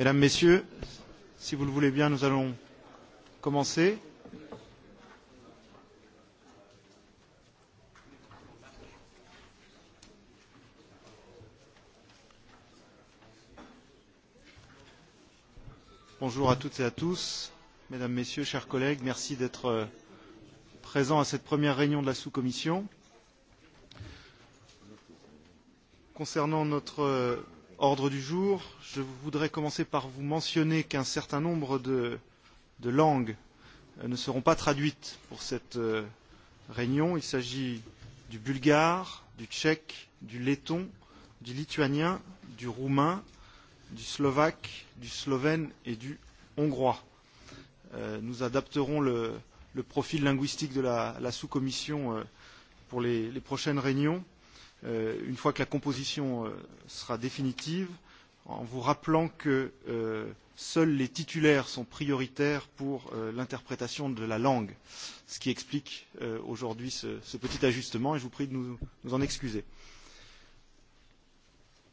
Mesdames, Messieurs, si vous le voulez bien, nous allons commencer. Bonjour à toutes et à tous, Mesdames, Messieurs, chers collègues, merci d'être présents à cette première réunion de la sous-commission. Concernant notre ordre du jour. Je voudrais commencer par vous mentionner qu'un certain nombre de, langues ne seront pas traduites pour cette réunion. Il s'agit du bulgare, du tchèque, du letton, du lituanien, du roumain, du slovaque, du slovène et du hongrois. nous adapterons le, profil linguistique de la, sous-commission pour les, prochaines réunions une fois que la composition sera définitive, en vous rappelant que seuls les titulaires sont prioritaires pour l'interprétation de la langue, ce qui explique aujourd'hui ce, petit ajustement et je vous prie de nous, en excuser.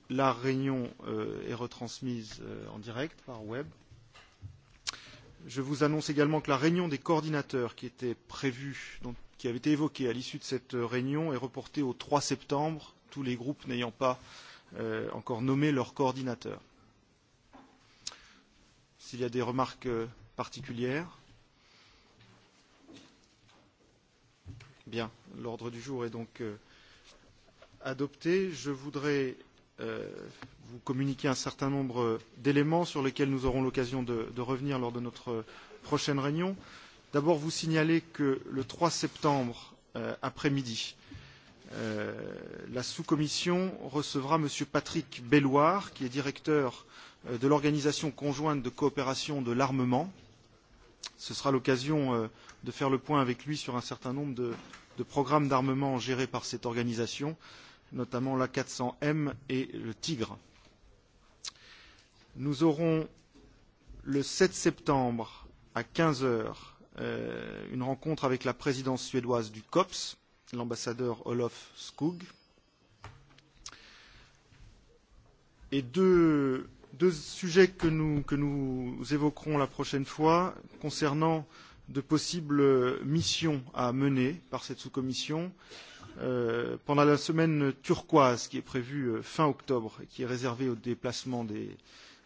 La réunion est retransmise en direct par web. Je vous annonce également que la réunion des coordinateurs qui était prévue, dont qui avait été évoqué à l'issue de cette réunion est reporté au 3 septembre, tous les groupes n'ayant pas encore nommé leur coordinateur. S'il y a des remarques particulières Bien, l'ordre du jour est donc adopté. Je voudrais vous communiquer un certain nombre d'éléments sur lesquels nous aurons l'occasion de, revenir lors de notre prochaine réunion. Euh, D'abord, vous signaler que le trois septembre après-midi, la sous-commission recevra M. Patrick Belloir, qui est directeur de l'Organisation conjointe de coopération de l'armement. Ce sera l'occasion de faire le point avec lui sur un certain nombre de, programmes d'armement gérés par cette organisation, notamment l'A400M et le Tigre. Nous aurons le sept septembre à quinze heures une rencontre avec la présidence suédoise du COPS, l'ambassadeur Olof Skog, et deux, deux sujets que nous, que nous évoquerons la prochaine fois concernant de possibles missions à mener par cette sous-commission euh, pendant la semaine turquoise qui est prévue fin octobre et qui est réservée au déplacement des,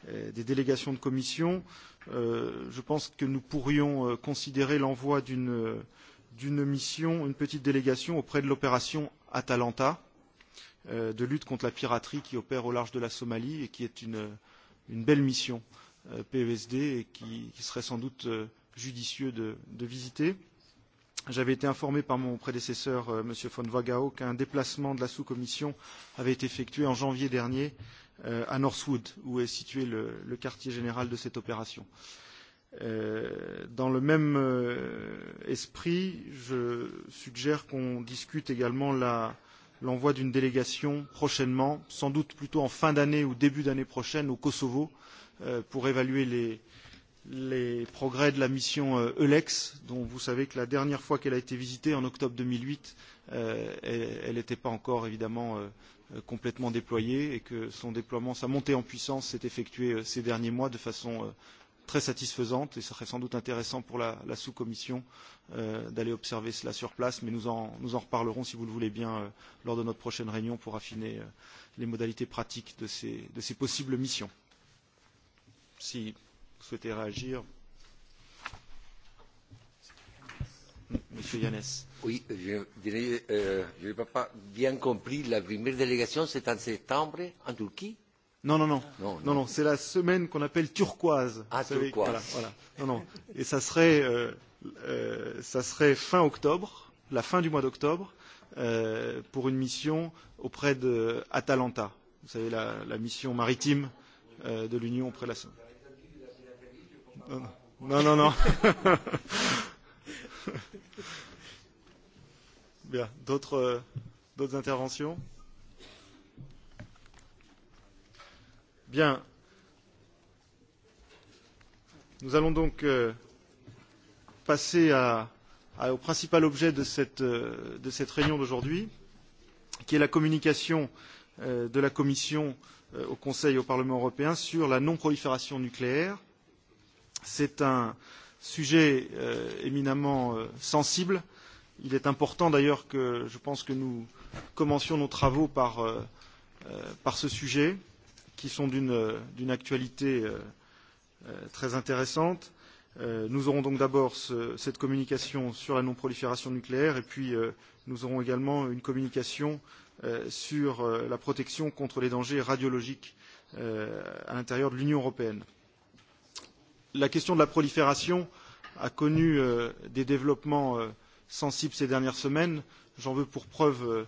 euh, des délégations de commission. Euh, je pense que nous pourrions considérer l'envoi d'une mission, une petite délégation auprès de l'opération Atalanta de lutte contre la piraterie qui opère au large de la Somalie et qui est une, belle mission PESD et qui, serait sans doute judicieux de, visiter. J'avais été informé par mon prédécesseur, M. von Wagao, qu'un déplacement de la sous-commission avait été effectué en janvier dernier euh, à Northwood, où est situé le, le quartier général de cette opération. Dans le même esprit, je suggère qu'on discute également l'envoi d'une délégation prochainement, sans doute plutôt en fin d'année ou début d'année prochaine au Kosovo, pour évaluer les, les progrès de la mission Eulex, dont vous savez que la dernière fois qu'elle a été visitée, en octobre deux mille huit, elle n'était pas encore évidemment complètement déployée et que son déploiement, sa montée en puissance s'est effectuée ces derniers mois de façon très satisfaisante et ce serait sans doute intéressant pour la, sous-commission d'aller observer cela sur place, mais nous en, reparlerons si vous le voulez bien lors de notre prochaine réunion pour affiner les modalités pratiques de ces, possibles missions. Si souhaitez réagir Monsieur Yannès. Oui, je dirais, euh, je n'ai pas bien compris, la première délégation, c'est en septembre, en Turquie non, non, non. non, non. non c'est la semaine qu'on appelle turquoise. Ah, turquoise. Voilà, voilà. Non, non. Et ça serait, euh, euh, ça serait fin octobre, la fin du mois d'octobre, euh, pour une mission auprès d'Atalanta. Vous savez, la, la mission maritime euh, de l'Union auprès de la Somme. Non, non, non. Bien, d'autres d'autres interventions Bien. Nous allons donc passer à, à, au principal objet de cette, de cette réunion d'aujourd'hui, qui est la communication de la Commission au Conseil et au Parlement européen sur la non-prolifération nucléaire C'est un sujet éminemment sensible. Il est important d'ailleurs que je pense que nous commencions nos travaux par, ce sujet, qui sont d'une actualité très intéressante. nous aurons donc d'abord cette communication sur la non-prolifération nucléaire et puis nous aurons également une communication sur la protection contre les dangers radiologiques à l'intérieur de l'Union européenne la question de la prolifération a connu des développements sensibles ces dernières semaines. J'en veux pour preuve,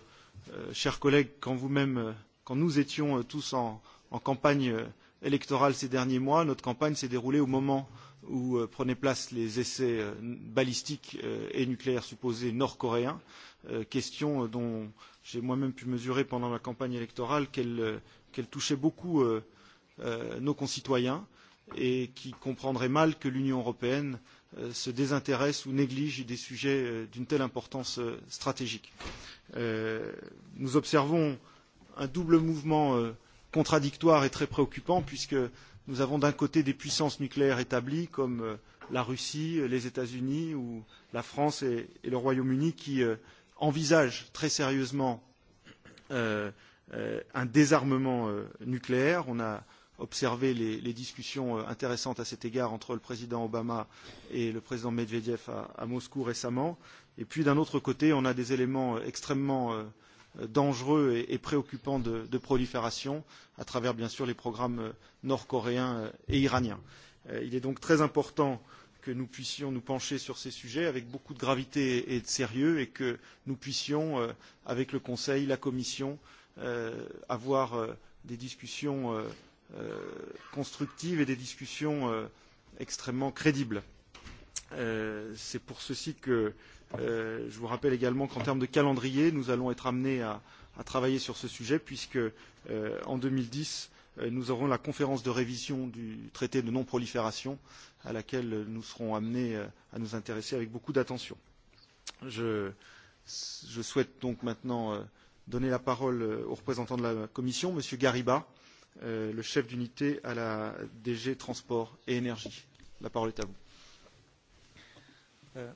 chers collègues, quand vous-même, quand nous étions tous en, campagne électorale ces derniers mois, notre campagne s'est déroulée au moment où prenaient place les essais balistiques et nucléaires supposés nord-coréens, question dont j'ai moi-même pu mesurer pendant ma campagne électorale qu'elle touchait beaucoup nos concitoyens et qui comprendraient mal que l'Union européenne se désintéresse ou néglige des sujets d'une telle importance stratégique. Nous observons un double mouvement contradictoire et très préoccupant puisque nous avons d'un côté des puissances nucléaires établies comme la Russie, les États-Unis ou la France et, le Royaume-Uni qui envisagent très sérieusement un désarmement nucléaire. On a observé les, les discussions intéressantes à cet égard entre le président Obama et le président Medvedev à, à Moscou récemment. Et puis d'un autre côté, on a des éléments extrêmement dangereux et, et préoccupants de, de prolifération à travers bien sûr les programmes nord-coréens et iraniens. Il est donc très important que nous puissions nous pencher sur ces sujets avec beaucoup de gravité et de sérieux et que nous puissions, avec le Conseil, la Commission, avoir des discussions constructives et des discussions extrêmement crédibles. C'est pour ceci que je vous rappelle également qu'en termes de calendrier, nous allons être amenés à, travailler sur ce sujet puisque en deux mille dix, nous aurons la conférence de révision du traité de non-prolifération à laquelle nous serons amenés à nous intéresser avec beaucoup d'attention. Je, souhaite donc maintenant donner la parole au représentant de la Commission, M. Gariba, le chef d'unité à la DG Transport et Énergie. La parole est à vous.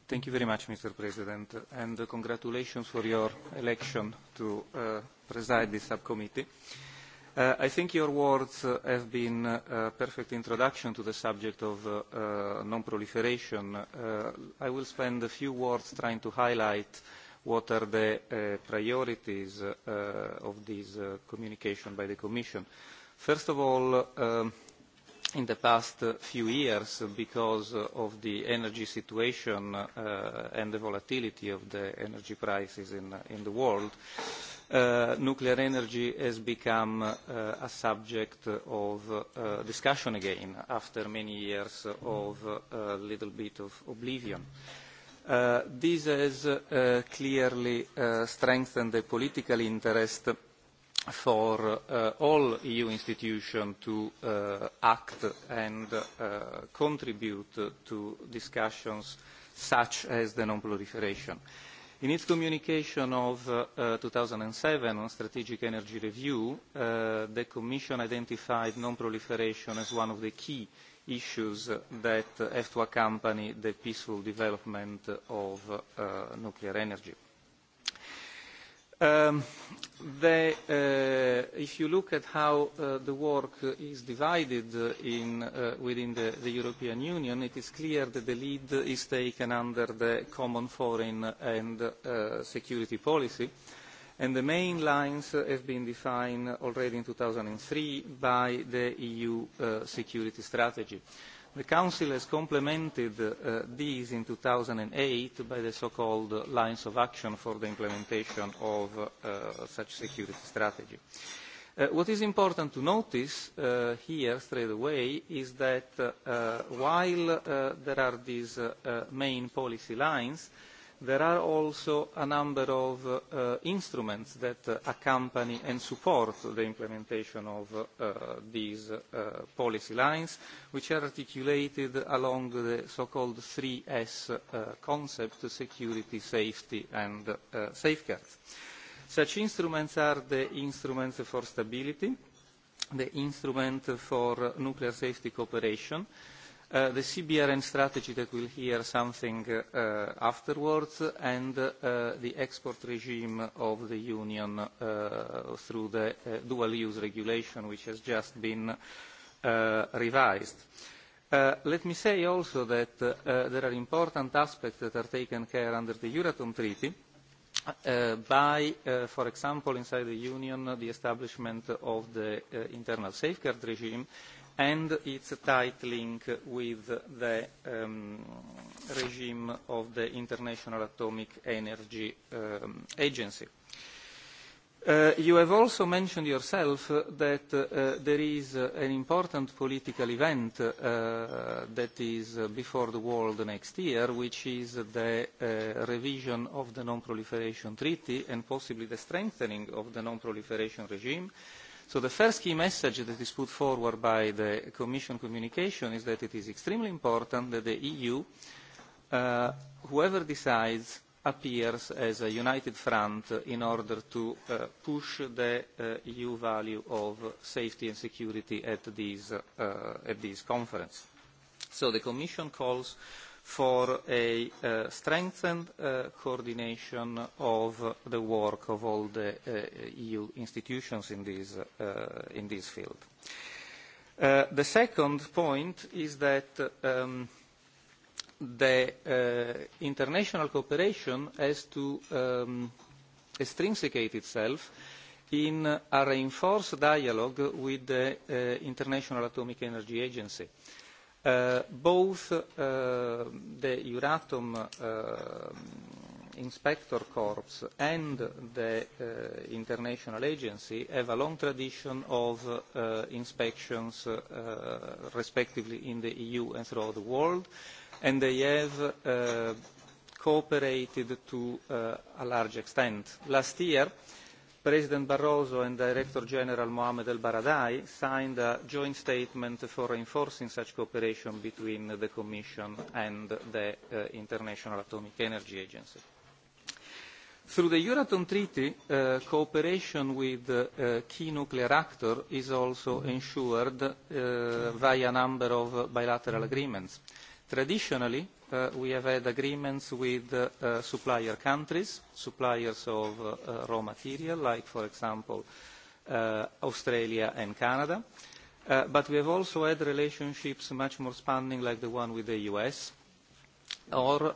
thank you very much, Mr. President, and congratulations for your election to preside this subcommittee. I think your words have been a perfect introduction to the subject of non-proliferation. I will spend a few words trying to highlight what are the priorities of this communication by the Commission. Uh, First of all, in the past few years, because of the energy situation and the volatility of the energy prices in, the world, nuclear energy has become a subject of discussion again after many years of a little bit of oblivion. this has clearly strengthened the political interest for all EU institutions to act and contribute to discussions such as the non-proliferation. In its communication of uh, 2007 on strategic energy review, the Commission identified non-proliferation as one of the key issues that have to accompany the peaceful development of nuclear energy if you look at how the work is divided within the, European Union, it is clear that the lead is taken under the common foreign and security policy. And the main lines have been defined already in two thousand three by the EU security strategy. Uh, The Council has complemented uh, these in 2008 by the so-called lines of action for the implementation of uh, such security strategy. Uh, what is important to notice uh, here straight away is that uh, while uh, there are these uh, uh, main policy lines, uh, there are also a number of instruments that accompany and support the implementation of these policy lines, which are articulated along the so-called three S concept, security, safety, and safeguards. Such instruments are the instruments for stability, the instrument for nuclear safety cooperation, the CBRN strategy that we'll hear something uh, afterwards and uh, the export regime of the Union uh, through the uh, dual-use regulation which has just been uh, revised. Uh, let me say also that uh, there are important aspects that are taken care under the Euratom Treaty by, for example, inside the Union, the establishment of the internal safeguard regime and it's tight link with the regime of the International Atomic Energy Agency. you have also mentioned yourself that there is an important political event that is before the world next year, which is the revision of the Non-Proliferation Treaty and possibly the strengthening of the non-proliferation regime, uh, So the first key message that is put forward by the Commission communication is that it is extremely important that the EU, uh, whoever decides, appears as a united front in order to uh, push the uh, EU value of safety and security at this, uh, at this conference. So the Commission calls for a uh, strengthened uh, coordination of the work of all the uh, EU institutions in this, uh, in this field. Uh, the second point is that um, the uh, international cooperation has to um, extrinsicate itself in a reinforced dialogue with the uh, International Atomic Energy Agency. Uh, both the Euratom Inspector Corps and the International Agency have a long tradition of inspections, respectively, in the EU and throughout the world, and they have cooperated to a large extent. Last year, President Barroso and Director General Mohamed El Baradei signed a joint statement for reinforcing such cooperation between the Commission and the International Atomic Energy Agency. Through the Euratom Treaty, cooperation with key nuclear actors is also ensured via a number of bilateral agreements. Traditionally, we have had agreements with supplier countries, suppliers of raw material, like, for example, Australia and Canada. But we have also had relationships much more spanning, like the one with the U.S., or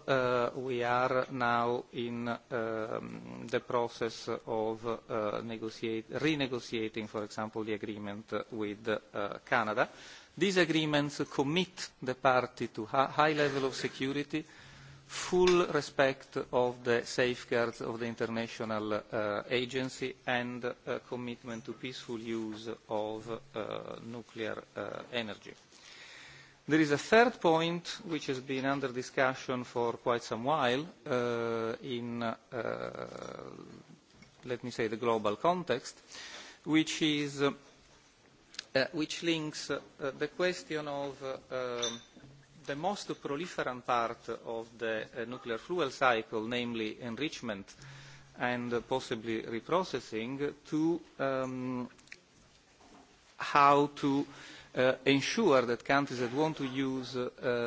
we are now in the process of renegotiating, for example, the agreement with Canada These agreements commit the party to a high level of security, full respect of the safeguards of the international agency and a commitment to peaceful use of nuclear energy. There is a third point which has been under discussion for quite some while in, let me say, the global context, which is which links the question of the most proliferant part of the nuclear fuel cycle, namely enrichment and possibly reprocessing, to how to ensure that countries that want to use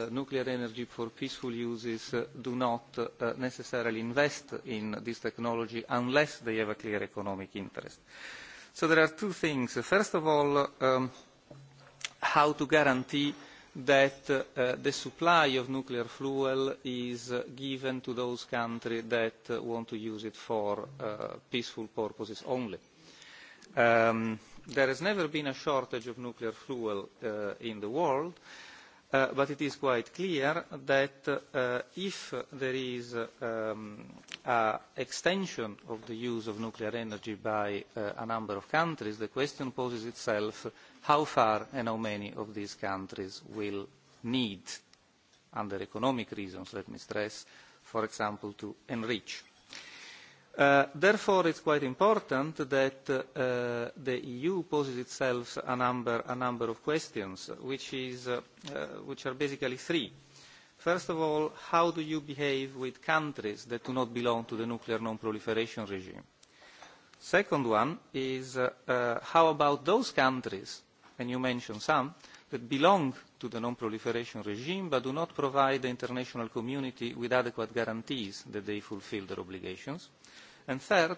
nuclear energy for peaceful uses do not necessarily invest in this technology unless they have a clear economic interest. Uh, So there are two things. First of all, how to guarantee that the supply of nuclear fuel is given to those countries that want to use it for peaceful purposes only. there has never been a shortage of nuclear fuel in the world. Uh, but it is quite clear that if there is an extension of the use of nuclear energy by a number of countries, the question poses itself how far and how many of these countries will need, under economic reasons, let me stress, for example, to enrich therefore, it is quite important that the EU poses itself a number, of questions, which, are basically three. First of all, how do you behave with countries that do not belong to the nuclear non-proliferation regime? Second one is how about those countries, and you mentioned some, that belong to the non-proliferation regime but do not provide the international community with adequate guarantees that they fulfil their obligations? And third,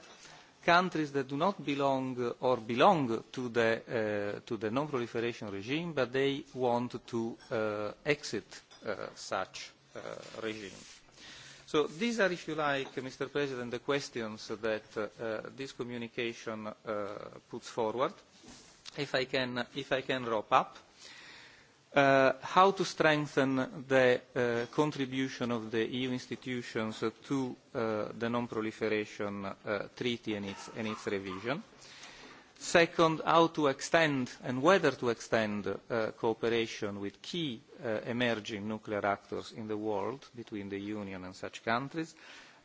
countries that do not belong or belong to the, uh, to the non-proliferation regime, but they want to uh, exit uh, such uh, regime. So these are, if you like, Mr. President, the questions that uh, this communication uh, puts forward. If I can, if I can wrap up, how to strengthen the contribution of the EU institutions to the non-proliferation treaty and its, revision. Second, how to extend and whether to extend cooperation with key emerging nuclear actors in the world between the Union and such countries.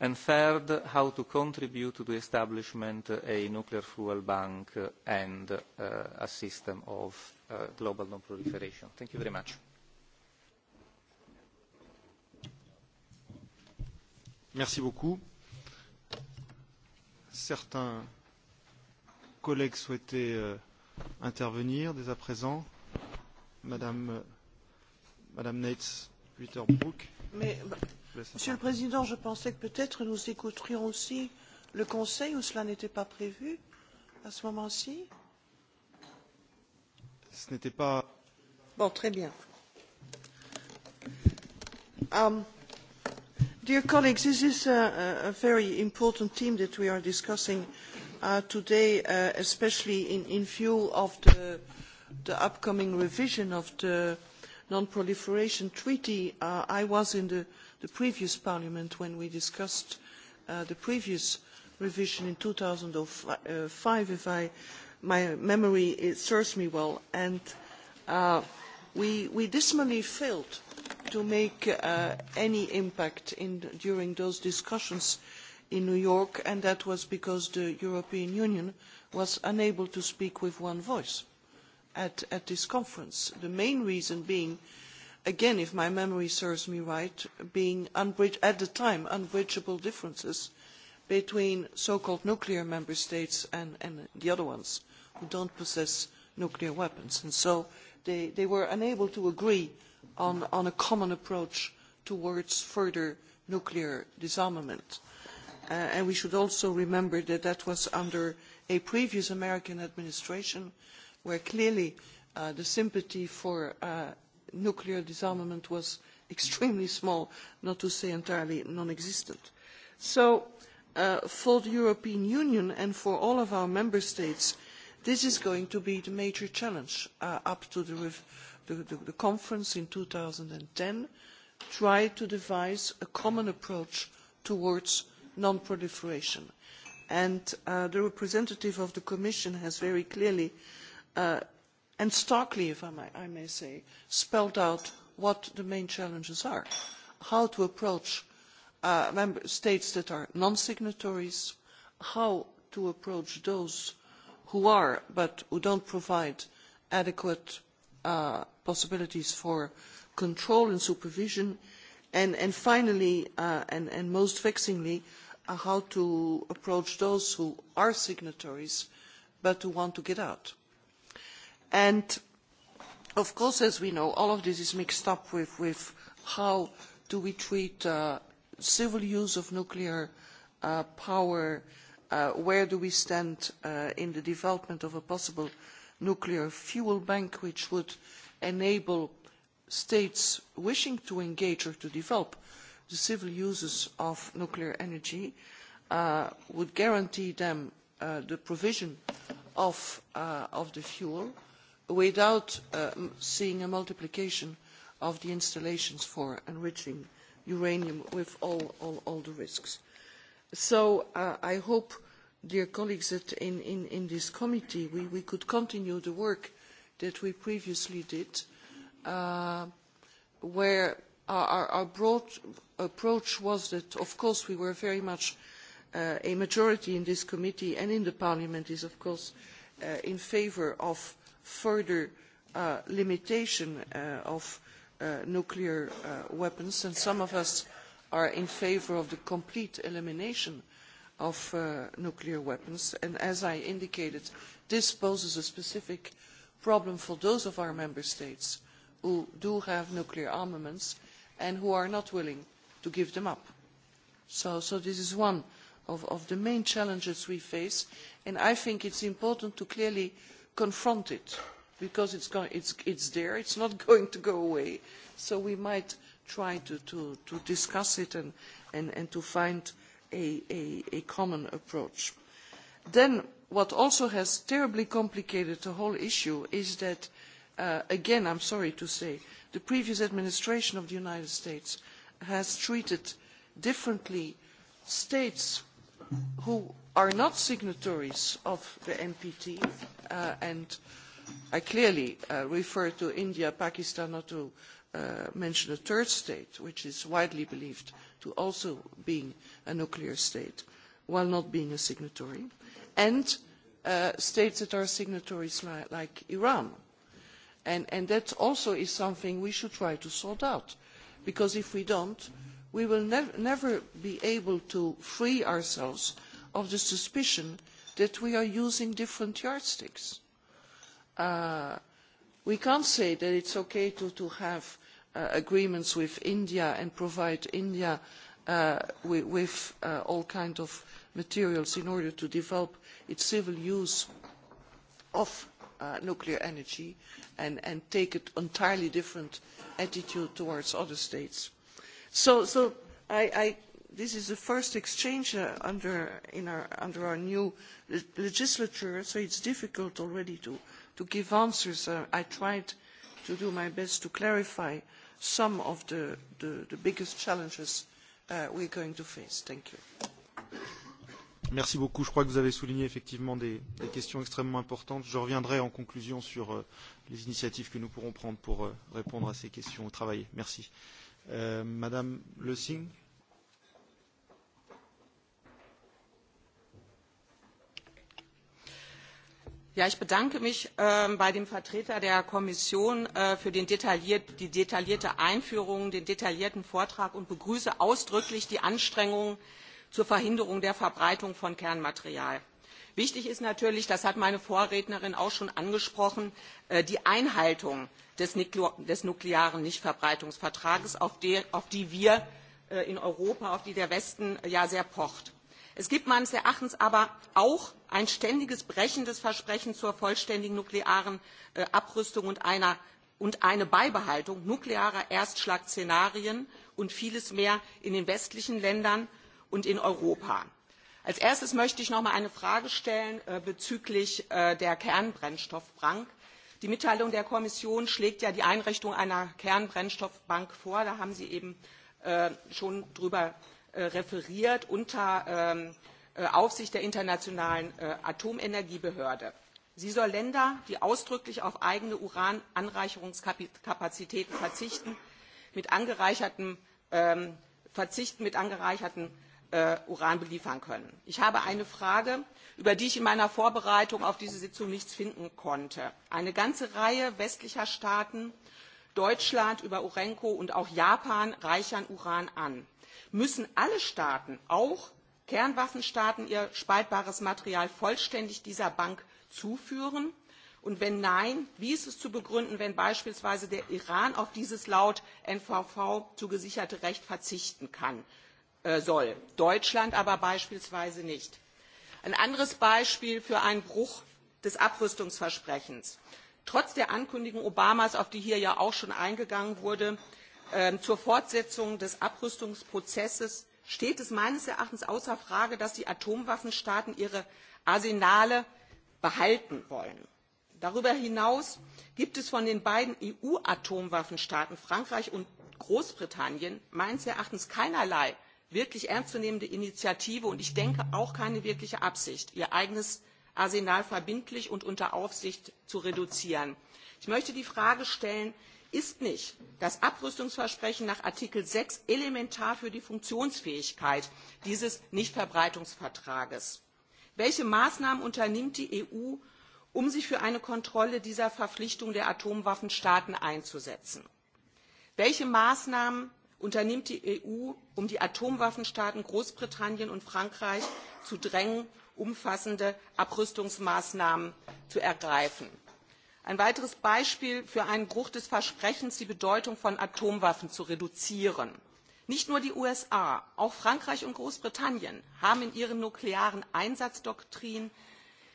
And third, how to contribute to the establishment of a nuclear fuel bank and a system of global non-proliferation. Thank you very much. Merci beaucoup. Certains collègues souhaitaient euh, intervenir dès à présent. Madame, euh, Madame Nates, Witterbrook. Mais, bah, Monsieur le Président, je pensais que peut-être nous écouterions aussi le Conseil où cela n'était pas prévu à ce moment-ci. Euh, ce n'était pas. très bien. dear colleagues, this is a, very important theme that we are discussing today, especially in, view of the, upcoming revision of the non-proliferation treaty. I was in the, previous parliament when we discussed the previous revision in two thousand five if I my memory it serves me well, and we, we dismally failed to make any impact during those discussions in New York, and that was because the European Union was unable to speak with one voice at, this conference. The main reason being, again, if my memory serves me right, being at the time unbridgeable differences between so-called nuclear member states and, the other ones who don't possess nuclear weapons. And so they, they were unable to agree on, on a common approach towards further nuclear disarmament. and we should also remember that that was under a previous American administration where clearly the sympathy for nuclear disarmament was extremely small, not to say entirely non-existent. So for the European Union and for all of our member states, This is going to be the major challenge up to the, conference in ten. Try to devise a common approach towards non-proliferation. And the representative of the Commission has very clearly and starkly, if I may say, spelled out what the main challenges are, how to approach member states that are non-signatories, how to approach those who are but who don't provide adequate possibilities for control and supervision and finally and most vexingly how to approach those who are signatories but who want to get out. of course as we know all of this is mixed up with, how do we treat civil use of nuclear power where do we stand in the development of a possible nuclear fuel bank which would enable states wishing to engage or to develop the civil uses of nuclear energy would guarantee them the provision of, the fuel without seeing a multiplication of the installations for enriching uranium with all, the risks. So I hope, dear colleagues, that in, this committee we, could continue the work that we previously did, where our, broad approach was that, of course, we were very much a majority in this committee and in the parliament is, of course, in favour of further limitation of nuclear weapons, and some of us are in favour of the complete elimination of nuclear weapons. And as I indicated, this poses a specific problem for those of our member states who do have nuclear armaments and who are not willing to give them up. So, this is one of, the main challenges we face, and I think it is important to clearly confront it because it's, go- it's, it's there, it's not going to go away, so we might try to, to, to discuss it and, and, and to find a, a, a common approach. Then what also has terribly complicated the whole issue is that, uh, again, I'm sorry to say, the previous administration of the United States has treated differently states who are not signatories of the NPT, and I clearly refer to India, Pakistan, or to mention a third state, which is widely believed to also be a nuclear state, while not being a signatory, and states that are signatories like Iran. And, that also is something we should try to sort out, because if we don't, we will never be able to free ourselves of the suspicion that we are using different yardsticks. we can't say that it's okay to, to have agreements with India and provide India with all kinds of materials in order to develop its civil use of nuclear energy and, take an entirely different attitude towards other states. So, this is the first exchange under, our, new legislature, so it's difficult already to, give answers. I tried to do my best to clarify uh, some of the, the, the biggest challenges uh, we're going to face. Thank you. Merci beaucoup. Je crois que vous avez souligné effectivement des, des questions extrêmement importantes. Je reviendrai en conclusion sur euh, les initiatives que nous pourrons prendre pour euh, répondre à ces questions au travail. Merci. Euh, Madame Le Singh ich bedanke mich bei dem Vertreter der Kommission für die detaillierte Einführung, den detaillierten Vortrag und begrüße ausdrücklich die Anstrengungen zur Verhinderung der Verbreitung von Kernmaterial. Wichtig ist natürlich, das hat meine Vorrednerin auch schon angesprochen, die Einhaltung des nuklearen Nichtverbreitungsvertrags, auf die wir in Europa, auf die der Westen ja sehr pocht es gibt meines erachtens aber auch ein ständiges brechen des versprechens zur vollständigen nuklearen abrüstung und eine beibehaltung nuklearer erstschlagszenarien und vieles mehr in den westlichen ländern und in europa. als erstes möchte ich noch einmal eine frage stellen bezüglich der kernbrennstoffbank. die mitteilung der kommission schlägt ja die einrichtung einer kernbrennstoffbank vor da haben sie eben schon darüber referiert unter Aufsicht der Internationalen Atomenergiebehörde. Sie soll Länder, die ausdrücklich auf eigene Urananreicherungskapazitäten verzichten, mit angereichertem, verzichten mit angereichertem Uran beliefern können. Ich habe eine Frage, über die ich in meiner Vorbereitung auf diese Sitzung nichts finden konnte. Eine ganze Reihe westlicher Staaten, Deutschland über Urenco und auch Japan reichern Uran an müssen alle Staaten, auch Kernwaffenstaaten, ihr spaltbares Material vollständig dieser Bank zuführen? Und wenn nein, wie ist es zu begründen, wenn beispielsweise der Iran auf dieses laut NVV zugesicherte Recht verzichten kann, soll, Deutschland aber beispielsweise nicht? Ein anderes Beispiel für einen Bruch des Abrüstungsversprechens. Trotz der Ankündigung Obamas, auf die hier ja auch schon eingegangen wurde, zur Fortsetzung des Abrüstungsprozesses steht es meines Erachtens außer Frage, dass die Atomwaffenstaaten ihre Arsenale behalten wollen. Darüber hinaus gibt es von den beiden EU-Atomwaffenstaaten Frankreich und Großbritannien meines Erachtens keinerlei wirklich ernstzunehmende Initiative und ich denke auch keine wirkliche Absicht, ihr eigenes Arsenal verbindlich und unter Aufsicht zu reduzieren. Ich möchte die Frage stellen, ist nicht das abrüstungsversprechen nach artikel sechs elementar für die funktionsfähigkeit dieses nichtverbreitungsvertrages? welche maßnahmen unternimmt die eu um sich für eine kontrolle dieser verpflichtung der atomwaffenstaaten einzusetzen? welche maßnahmen unternimmt die eu um die atomwaffenstaaten großbritannien und frankreich zu drängen umfassende abrüstungsmaßnahmen zu ergreifen? Ein weiteres Beispiel für einen Bruch des Versprechens, die Bedeutung von Atomwaffen zu reduzieren. Nicht nur die USA, auch Frankreich und Großbritannien haben in ihren nuklearen Einsatzdoktrinen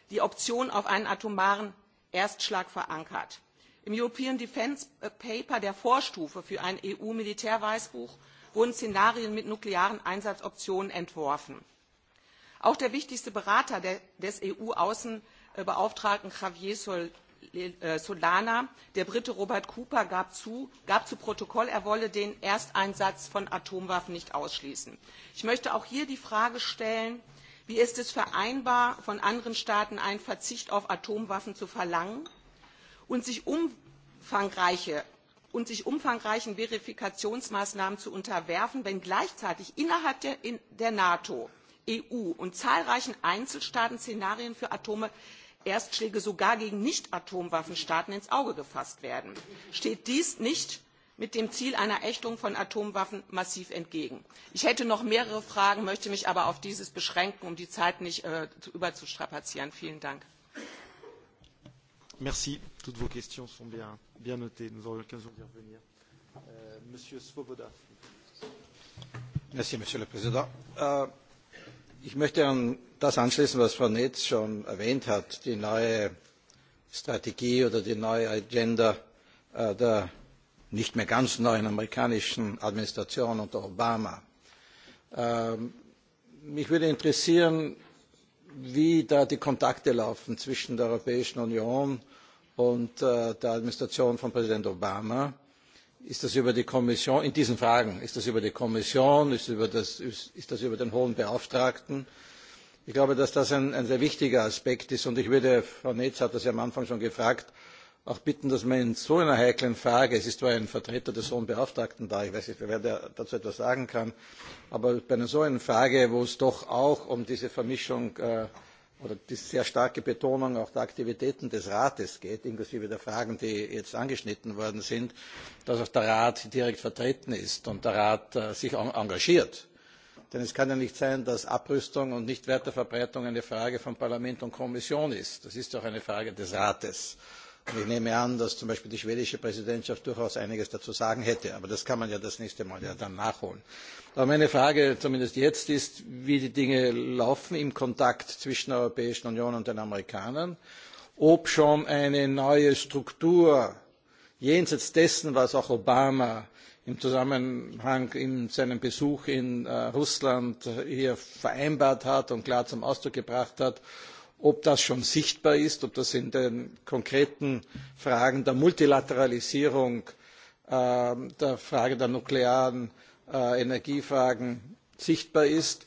die Option auf einen atomaren Erstschlag verankert. Im European Defence Paper, der Vorstufe für ein EU-Militärweißbuch, wurden Szenarien mit nuklearen Einsatzoptionen entworfen. Auch der wichtigste Berater des EU-Außenbeauftragten Javier Solana, der Brite Robert Cooper, gab zu, Protokoll, er wolle den Ersteinsatz von Atomwaffen nicht ausschließen. Ich möchte auch hier die Frage stellen, wie ist es vereinbar, von anderen Staaten einen Verzicht auf Atomwaffen zu verlangen und sich umfangreiche und sich umfangreichen Verifikationsmaßnahmen zu unterwerfen, wenn gleichzeitig innerhalb der, NATO, EU und zahlreichen Einzelstaaten Szenarien für Erstschläge sogar gegen Nicht-Atomwaffenstaaten ins Auge gefasst werden. Steht dies nicht mit dem Ziel einer Ächtung von Atomwaffen massiv entgegen? Ich hätte noch mehrere Fragen, möchte mich aber auf dieses beschränken, um die Zeit nicht überzustrapazieren. Vielen Dank. Ich möchte an das anschließen, was Frau Netz schon erwähnt hat, die neue Strategie oder die neue Agenda der nicht mehr ganz neuen amerikanischen Administration unter Obama. mich würde interessieren, wie da die Kontakte laufen zwischen der Europäischen Union und der Administration von Präsident Obama Ist das über die Kommission, in diesen Fragen, ist das über die Kommission, ist das über, den hohen Beauftragten? Ich glaube, dass das ein, sehr wichtiger Aspekt ist und ich würde, Frau Netz hat das ja am Anfang schon gefragt, auch bitten, dass man in so einer heiklen Frage, es ist zwar ein Vertreter des hohen Beauftragten da, ich weiß nicht, wer dazu etwas sagen kann, aber bei einer so einer Frage, wo es doch auch um diese Vermischung oder die sehr starke Betonung auch der Aktivitäten des Rates geht, inklusive der Fragen, die jetzt angeschnitten worden sind, dass auch der Rat direkt vertreten ist und der Rat sich engagiert. Denn es kann ja nicht sein, dass Abrüstung und Nichtweiterverbreitung eine Frage von Parlament und Kommission ist. Das ist doch eine Frage des Rates. Ich nehme an, dass zum Beispiel die schwedische Präsidentschaft durchaus einiges dazu sagen hätte, aber das kann man ja das nächste Mal ja dann nachholen. Aber meine Frage zumindest jetzt ist, wie die Dinge laufen im Kontakt zwischen der Europäischen Union und den Amerikanern, ob schon eine neue Struktur jenseits dessen, was auch Obama im Zusammenhang in seinem Besuch in Russland hier vereinbart hat und klar zum Ausdruck gebracht hat, ob das schon sichtbar ist, ob das in den konkreten Fragen der Multilateralisierung, der Frage der nuklearen Energiefragen sichtbar ist.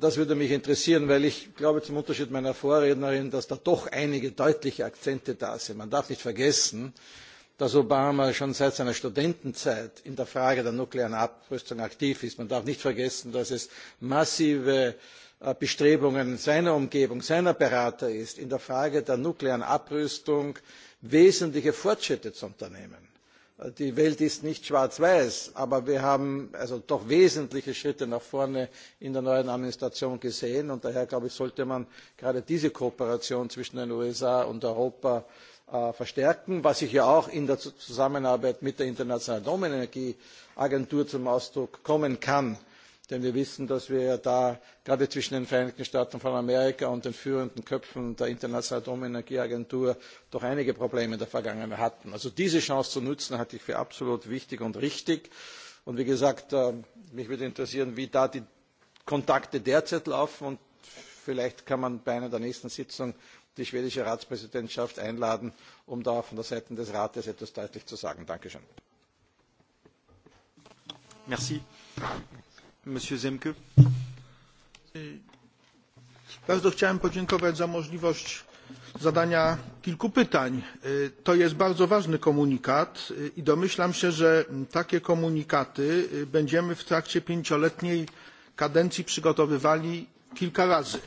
Das würde mich interessieren, weil ich glaube, zum Unterschied meiner Vorrednerin, dass da doch einige deutliche Akzente da sind. Man darf nicht vergessen, dass Obama schon seit seiner Studentenzeit in der Frage der nuklearen Abrüstung aktiv ist. Man darf nicht vergessen, dass es massive bestrebungen seiner umgebung seiner berater ist in der frage der nuklearen abrüstung wesentliche fortschritte zu unternehmen. die welt ist nicht schwarz weiß aber wir haben doch wesentliche schritte nach vorne in der neuen administration gesehen und daher sollte man gerade diese kooperation zwischen den usa und europa verstärken was ich ja auch in der zusammenarbeit mit der internationalen atomenergieagentur zum ausdruck kommen kann denn wir wissen, dass wir ja da gerade zwischen den Vereinigten Staaten von Amerika und den führenden Köpfen der Internationalen Atomenergieagentur doch einige Probleme in der Vergangenheit hatten. Also diese Chance zu nutzen, halte ich für absolut wichtig und richtig. Und wie gesagt, mich würde interessieren, wie da die Kontakte derzeit laufen und vielleicht kann man bei einer der nächsten Sitzungen die schwedische Ratspräsidentschaft einladen, um da von der Seite des Rates etwas deutlich zu sagen. Dankeschön. Bardzo chciałem podziękować za możliwość zadania kilku pytań. To jest bardzo ważny komunikat i domyślam się, że takie komunikaty będziemy w trakcie pięcioletniej kadencji przygotowywali kilka razy.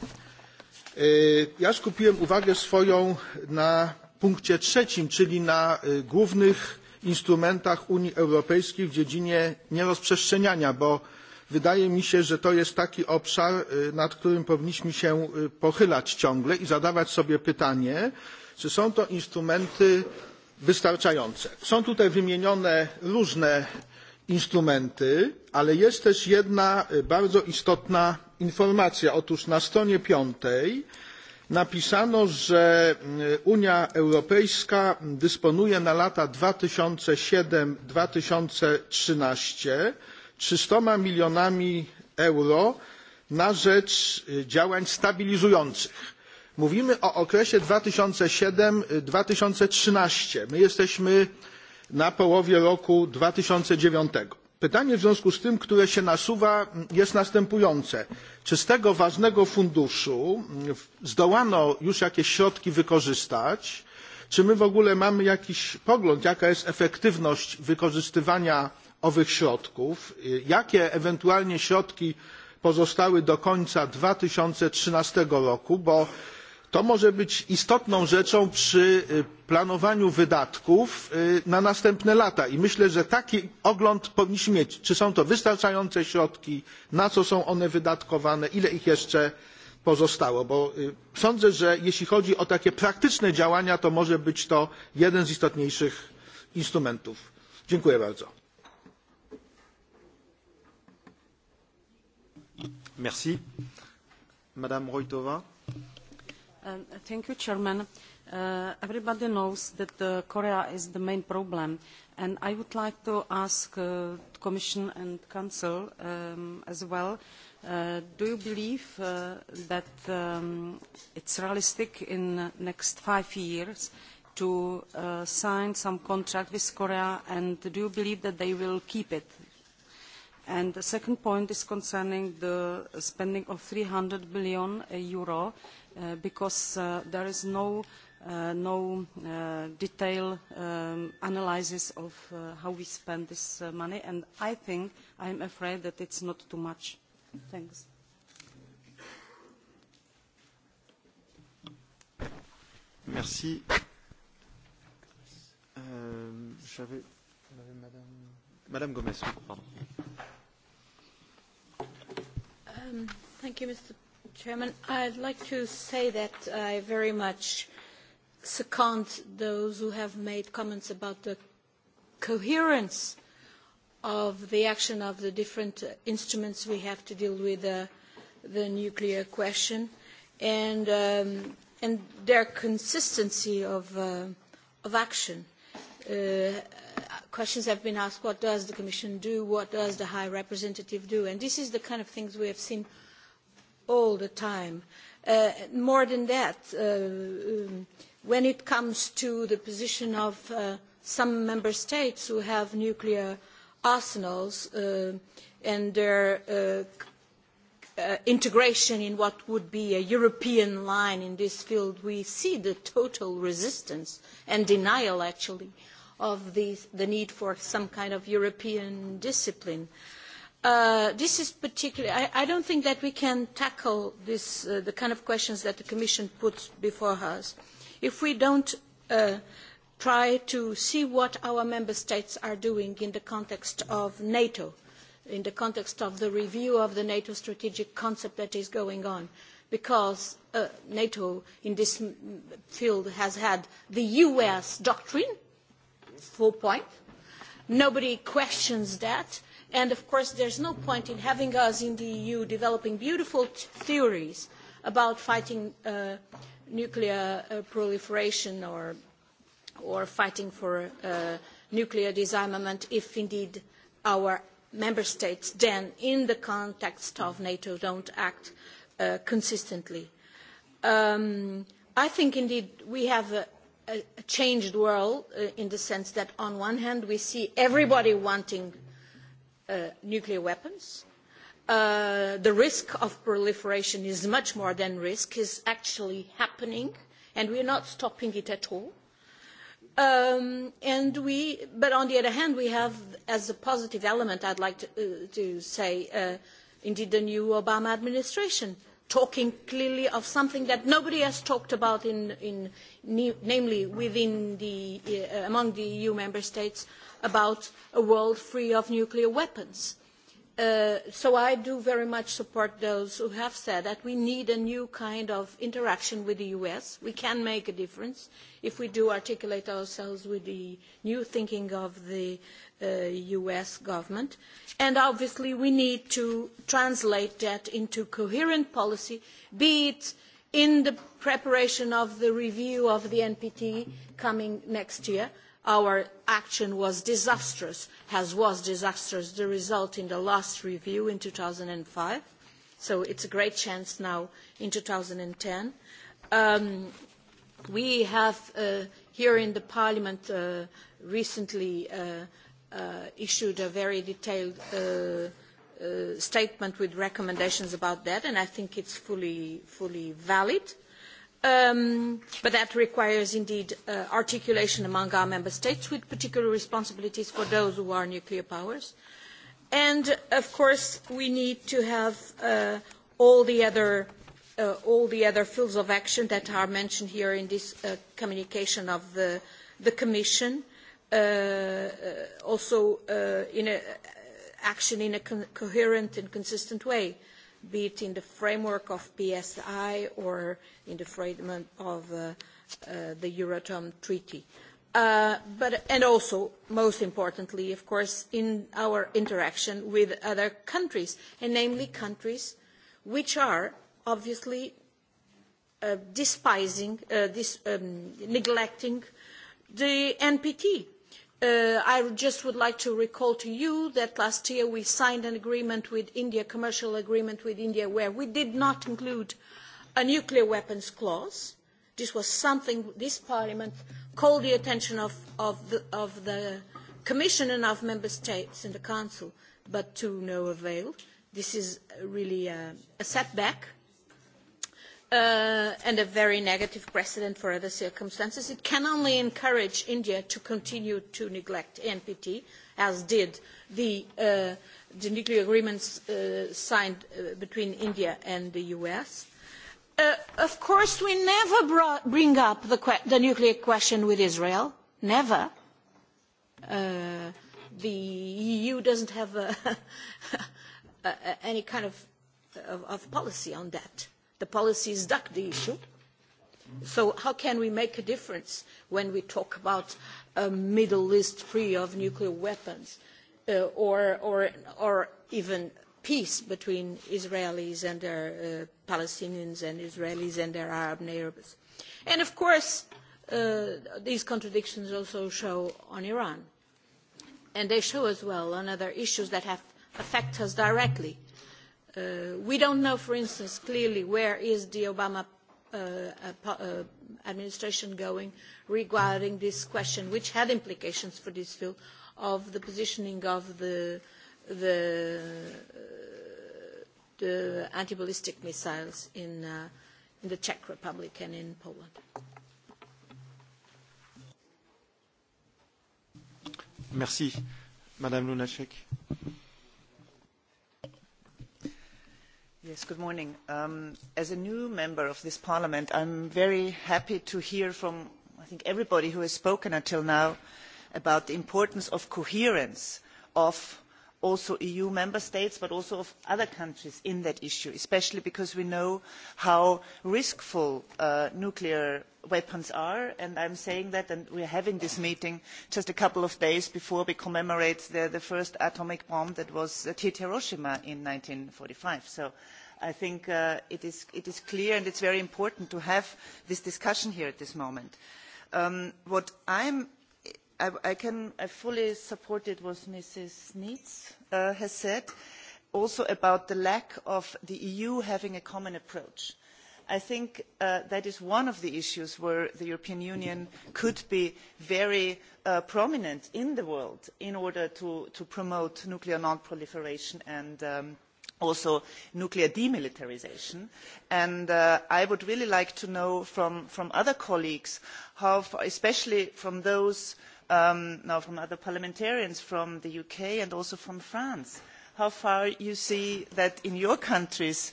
Ja skupiłem uwagę swoją na punkcie trzecim, czyli na głównych instrumentach Unii Europejskiej w dziedzinie nierozprzestrzeniania, bo wydaje mi się że to jest taki obszar nad którym powinniśmy się pochylać ciągle i zadawać sobie pytanie czy są to instrumenty wystarczające. są tutaj wymienione różne instrumenty ale jest też jedna bardzo istotna informacja otóż na stronie piątej napisano że unia europejska dysponuje na lata dwa tysiące siedem dwa tysiące trzynaście 300 milionami euro na rzecz działań stabilizujących. Mówimy o okresie dwa tysiące 2007 trzynaście. My jesteśmy na połowie roku dwa tysiące 2009. Pytanie w związku z tym, które się nasuwa, jest następujące. Czy z tego ważnego funduszu zdołano już jakieś środki wykorzystać? Czy my w ogóle mamy jakiś pogląd, jaka jest efektywność wykorzystywania owych środków jakie ewentualnie środki pozostały do końca dwa tysiące trzynaście roku bo to może być istotną rzeczą przy planowaniu wydatków na następne lata i myślę że taki ogląd powinniśmy mieć czy są to wystarczające środki na co są one wydatkowane ile ich jeszcze pozostało bo sądzę że jeśli chodzi o takie praktyczne działania to może być to jeden z istotniejszych instrumentów. dziękuję bardzo. Madame Roitova. Thank you, Chairman. Everybody knows that Korea is the main problem, and I would like to ask the Commission and Council as well, do you believe that it is realistic in the next five years to sign some contract with Korea, and do you believe that they will keep it, And the second point is concerning the spending of 300 billion euro, because there is no no detailed analysis of how we spend this money, and I think I'm afraid that it's not too much. Thanks. Merci. J'avais Madame Gomez, pardon. Thank you, Mr. Chairman. I'd like to say that I very much second those who have made comments about the coherence of the action of the different instruments we have to deal with the nuclear question and, their consistency of, action questions have been asked, what does the Commission do, what does the High Representative do? And this is the kind of things we have seen all the time. more than that, when it comes to the position of some member states who have nuclear arsenals and their integration in what would be a European line in this field, we see the total resistance and denial, actually, uh, of the, the need for some kind of European discipline. this is particularly, I, I don't think that we can tackle this, the kind of questions that the Commission puts before us if we don't uh, try to see what our member states are doing in the context of NATO, in the context of the review of the NATO strategic concept that is going on, because NATO in this field has had the US doctrine, full point. Nobody questions that. And of course, there is no point in having us in the EU developing beautiful theories about fighting nuclear proliferation or, or fighting for nuclear disarmament if indeed our member states then, in the context of NATO, do not act consistently. I think indeed we have a a changed world in the sense that on one hand we see everybody wanting nuclear weapons. the risk of proliferation is much more than risk, is actually happening, and we are not stopping it at all. and we, but on the other hand, we have, as a positive element, I'd like to, say, indeed the new Obama administration talking clearly of something that nobody has talked about, namely within the, among the EU member states, about a world free of nuclear weapons so I do very much support those who have said that we need a new kind of interaction with the US. We can make a difference if we do articulate ourselves with the new thinking of the US government. And obviously we need to translate that into coherent policy, be it in the preparation of the review of the NPT coming next year, our action was disastrous, has was disastrous, the result in the last review in two thousand five. So it's a great chance now in 2010. ten. we have here in the Parliament recently issued a very detailed statement with recommendations about that, and I think it's fully, fully valid but that requires indeed articulation among our member states with particular responsibilities for those who are nuclear powers. And of course, we need to have all the other all the other fields of action that are mentioned here in this communication of the, the Commission, also in action in a coherent and consistent way be it in the framework of PSI or in the framework of the Euratom Treaty. and also, most importantly, of course, in our interaction with other countries, and namely countries which are obviously despising, neglecting the NPT I just would like to recall to you that last year we signed an agreement with India, commercial agreement with India, where we did not include a nuclear weapons clause. This was something this Parliament called the attention of, the, Commission and of Member States and the Council, but to no avail. This is really a setback and a very negative precedent for other circumstances. It can only encourage India to continue to neglect NPT, as did the, nuclear agreements signed between India and the US. of course, we never bring up the, nuclear question with Israel. Never. the EU doesn't have any kind of policy on that the policies duck the issue. So how can we make a difference when we talk about a Middle East free of nuclear weapons or, even peace between Israelis and their Palestinians and Israelis and their Arab neighbours? And of course, these contradictions also show on Iran. And they show as well on other issues that have affect us directly we don't know, for instance, clearly where is the Obama administration going regarding this question, which had implications for this field of the positioning of the, the, the anti-ballistic missiles in, uh, in the Czech Republic and in Poland. Merci, Madame Lunacek. Yes, good morning. as a new member of this parliament, I am very happy to hear from, I think, everybody who has spoken until now about the importance of coherence of also eu member states but also of other countries in that issue especially because we know how risky nuclear weapons are and i am saying that and we are having this meeting just a couple of days before we commemorate the first atomic bomb that was at hiroshima in. one thousand nine hundred and forty five so i think it is clear and it is very important to have this discussion here at this moment. what i am I, can fully support what Mrs. Neitz has said, also about the lack of the EU having a common approach. I think that is one of the issues where the European Union could be very prominent in the world in order to, promote nuclear non-proliferation and also nuclear demilitarisation. And I would really like to know from, other colleagues, how, especially from those now from other parliamentarians from the uk and also from france how far you see that in your countries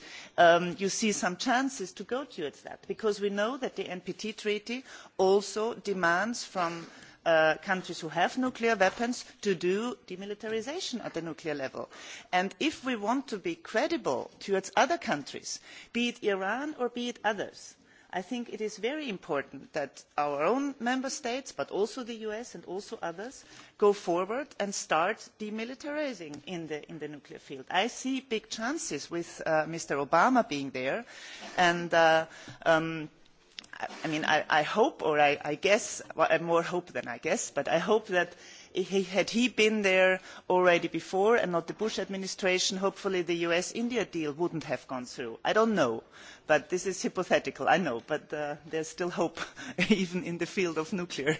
you see some chances to go towards that because we know that the npt treaty also demands from countries who have nuclear weapons to do demilitarisation at the nuclear level. And if we want to be credible towards other countries, be it Iran or be it others, i think it is very important that our own member states but also the us and also others go forward and start demilitarising in the nuclear field. i see big chances with mr obama being there and i hope or i guess more hope than i guess but i hope that had he been there already before and not the bush administration hopefully the us india deal would not have gone through. i do not know but this is hypothetical i know but there is still hope even in the field of nuclear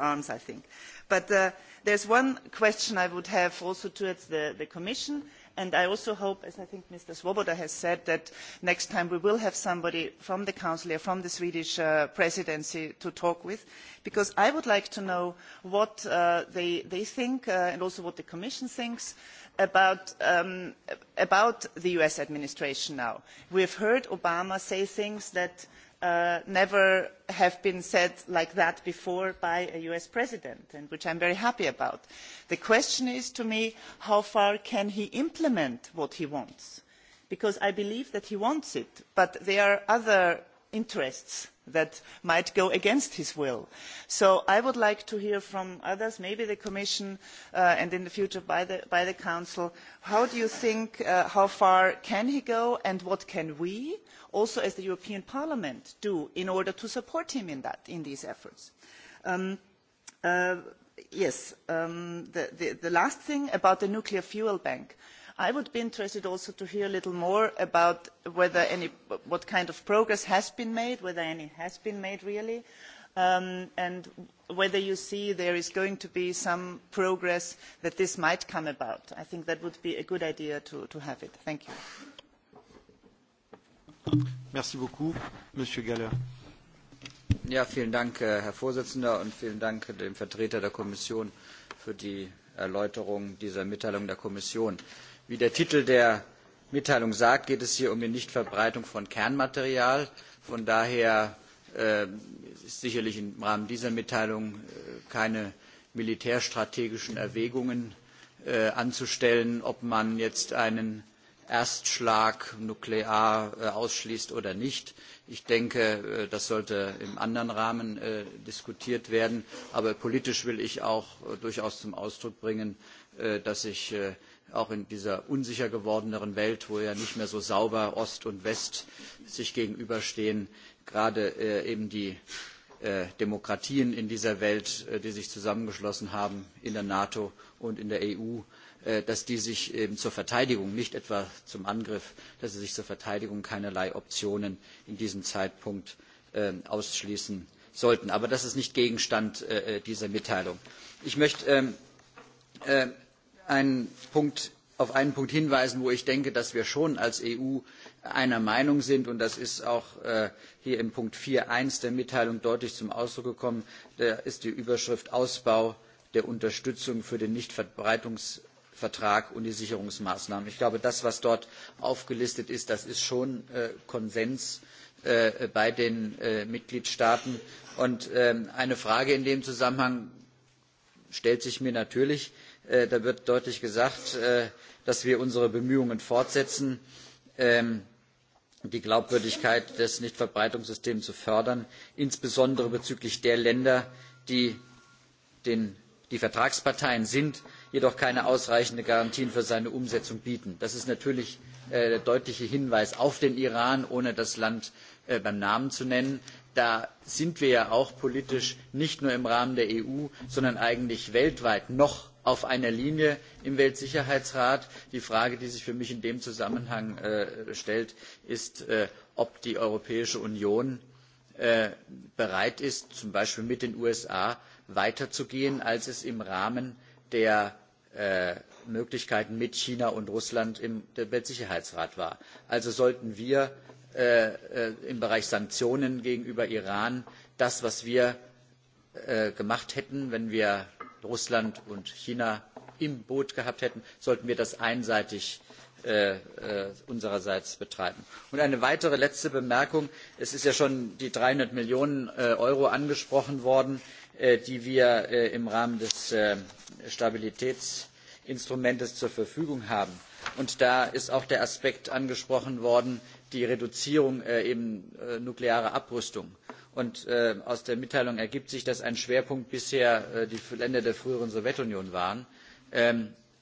arms i think. but there is one question i would have also towards the commission and i also hope as i think mr swoboda has said that next time we will have somebody from the council or from the swedish presidency to talk with because i would like to know what they think and also what the commission thinks about the us administration now. we have heard obama say things that never have been said like that before by a us president and which i am very happy about. the question is to me how far can he implement what he wants because i believe that he wants it but there are other interests that might go against his will. So I would like to hear from others, maybe the Commission and in the future by the, Council, how do you think, how far can he go and what can we, also as the European Parliament, do in order to support him in, that, in these efforts? yes, the, last thing about the nuclear fuel bank i would be interested also to hear a little more about what kind of progress has been made whether any has been made really and whether you see there is going to be some progress that this might come about. i think that would be a good idea to have it. thank you. Herr Vorsitzender, vielen Dank dem Vertreter der Kommission für die Erläuterung dieser Mitteilung der Kommission Wie der Titel der Mitteilung sagt, geht es hier um die Nichtverbreitung von Kernmaterial. Von daher sind sicherlich im Rahmen dieser Mitteilung keine militärstrategischen Erwägungen anzustellen, ob man jetzt einen Erstschlag nuklear ausschließt oder nicht. Ich denke, das sollte im anderen Rahmen diskutiert werden. Aber politisch will ich auch durchaus zum Ausdruck bringen, dass ich auch in dieser unsicher gewordenen Welt, wo ja nicht mehr so sauber Ost und West sich gegenüberstehen, gerade eben die Demokratien in dieser Welt, die sich zusammengeschlossen haben in der NATO und in der EU, dass die sich eben zur Verteidigung, nicht etwa zum Angriff, dass sie sich zur Verteidigung keinerlei Optionen in diesem Zeitpunkt ausschließen sollten. Aber das ist nicht Gegenstand dieser Mitteilung. Ich möchte auf einen punkt hinweisen wo ich denke dass wir schon als eu einer meinung sind und das ist auch hier in punkt vier eins der mitteilung deutlich zum ausdruck gekommen da ist die überschrift ausbau der unterstützung für den nichtverbreitungsvertrag und die sicherungsmaßnahmen. ich glaube das was dort aufgelistet ist das ist schon konsens bei den mitgliedstaaten und eine frage in dem zusammenhang stellt sich mir natürlich da wird deutlich gesagt, dass wir unsere Bemühungen fortsetzen, die Glaubwürdigkeit des Nichtverbreitungssystems zu fördern, insbesondere bezüglich der Länder, die die Vertragsparteien sind, jedoch keine ausreichenden Garantien für seine Umsetzung bieten. Das ist natürlich der deutliche Hinweis auf den Iran, ohne das Land beim Namen zu nennen. Da sind wir ja auch politisch nicht nur im Rahmen der EU, sondern eigentlich weltweit noch auf einer Linie im Weltsicherheitsrat. Die Frage, die sich für mich in dem Zusammenhang stellt, ist, ob die Europäische Union bereit ist, zum Beispiel mit den USA weiterzugehen, als es im Rahmen der Möglichkeiten mit China und Russland im Weltsicherheitsrat war. Also sollten wir im Bereich Sanktionen gegenüber Iran das, was wir gemacht hätten, wenn wir russland und china im boot gehabt hätten sollten wir das einseitig unsererseits betreiben. und eine weitere letzte bemerkung es sind ja schon die dreihundert millionen euro angesprochen worden die wir im rahmen des stabilitätsinstruments zur verfügung haben. und da ist auch der aspekt angesprochen worden die reduzierung nuklearer abrüstung. Und aus der Mitteilung ergibt sich, dass ein Schwerpunkt bisher die Länder der früheren Sowjetunion waren.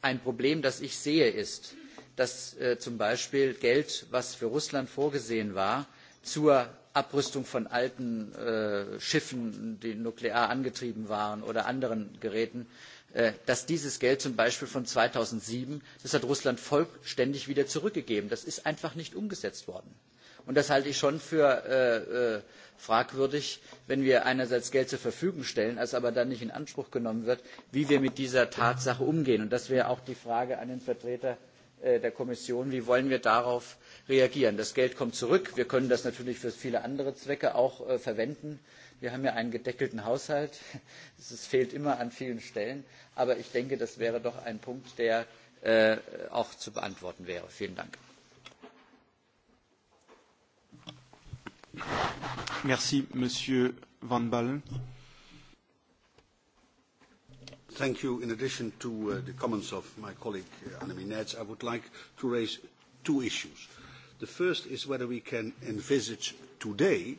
ein Problem, das ich sehe, ist, dass zum Beispiel Geld, das für Russland vorgesehen war, zur Abrüstung von alten Schiffen, die nuklear angetrieben waren oder anderen Geräten, dass dieses Geld zum Beispiel von 2007, das hat Russland vollständig wieder zurückgegeben. Das ist einfach nicht umgesetzt worden Und das halte ich schon für fragwürdig, wenn wir einerseits Geld zur Verfügung stellen, es aber dann nicht in Anspruch genommen wird, wie wir mit dieser Tatsache umgehen. Und das wäre auch die Frage an den Vertreter der Kommission, wie wollen wir darauf reagieren? Das Geld kommt zurück. Wir können das natürlich für viele andere Zwecke auch verwenden. Wir haben ja einen gedeckelten Haushalt. Es fehlt immer an vielen Stellen. Aber ich denke, das wäre doch ein Punkt, der auch zu beantworten wäre. Vielen Dank. Merci, Monsieur Van Ballen. Thank you. In addition to the comments of my colleague, Annemie Nerz, I would like to raise two issues. The first is whether we can envisage today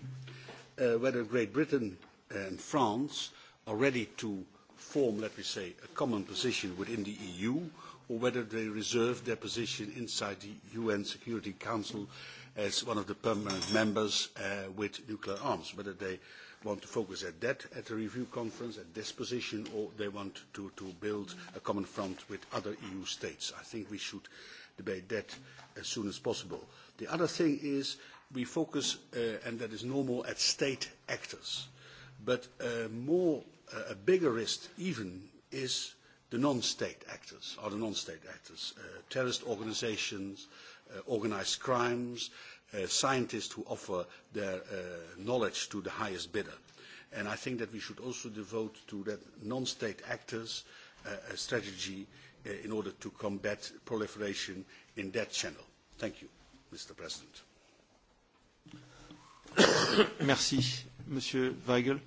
whether Great Britain and France are ready to form, let me say, a common position within the EU, or whether they reserve their position inside the UN Security Council as one of the permanent members uh, with nuclear arms, whether they want to focus at that at the review conference, at this position, or they want to, to build a common front with other EU states. I think we should debate that as soon as possible. The other thing is we focus, uh, and that is normal, at state actors. But a more, uh, a bigger risk even is the non-state actors, or the non-state actors, uh, terrorist organizations, uh, organised crimes, scientists who offer their knowledge to the highest bidder. And I think that we should also devote to that non-state actors a strategy in order to combat proliferation in that channel. Thank you, Mr. President. Merci, Monsieur Weigel.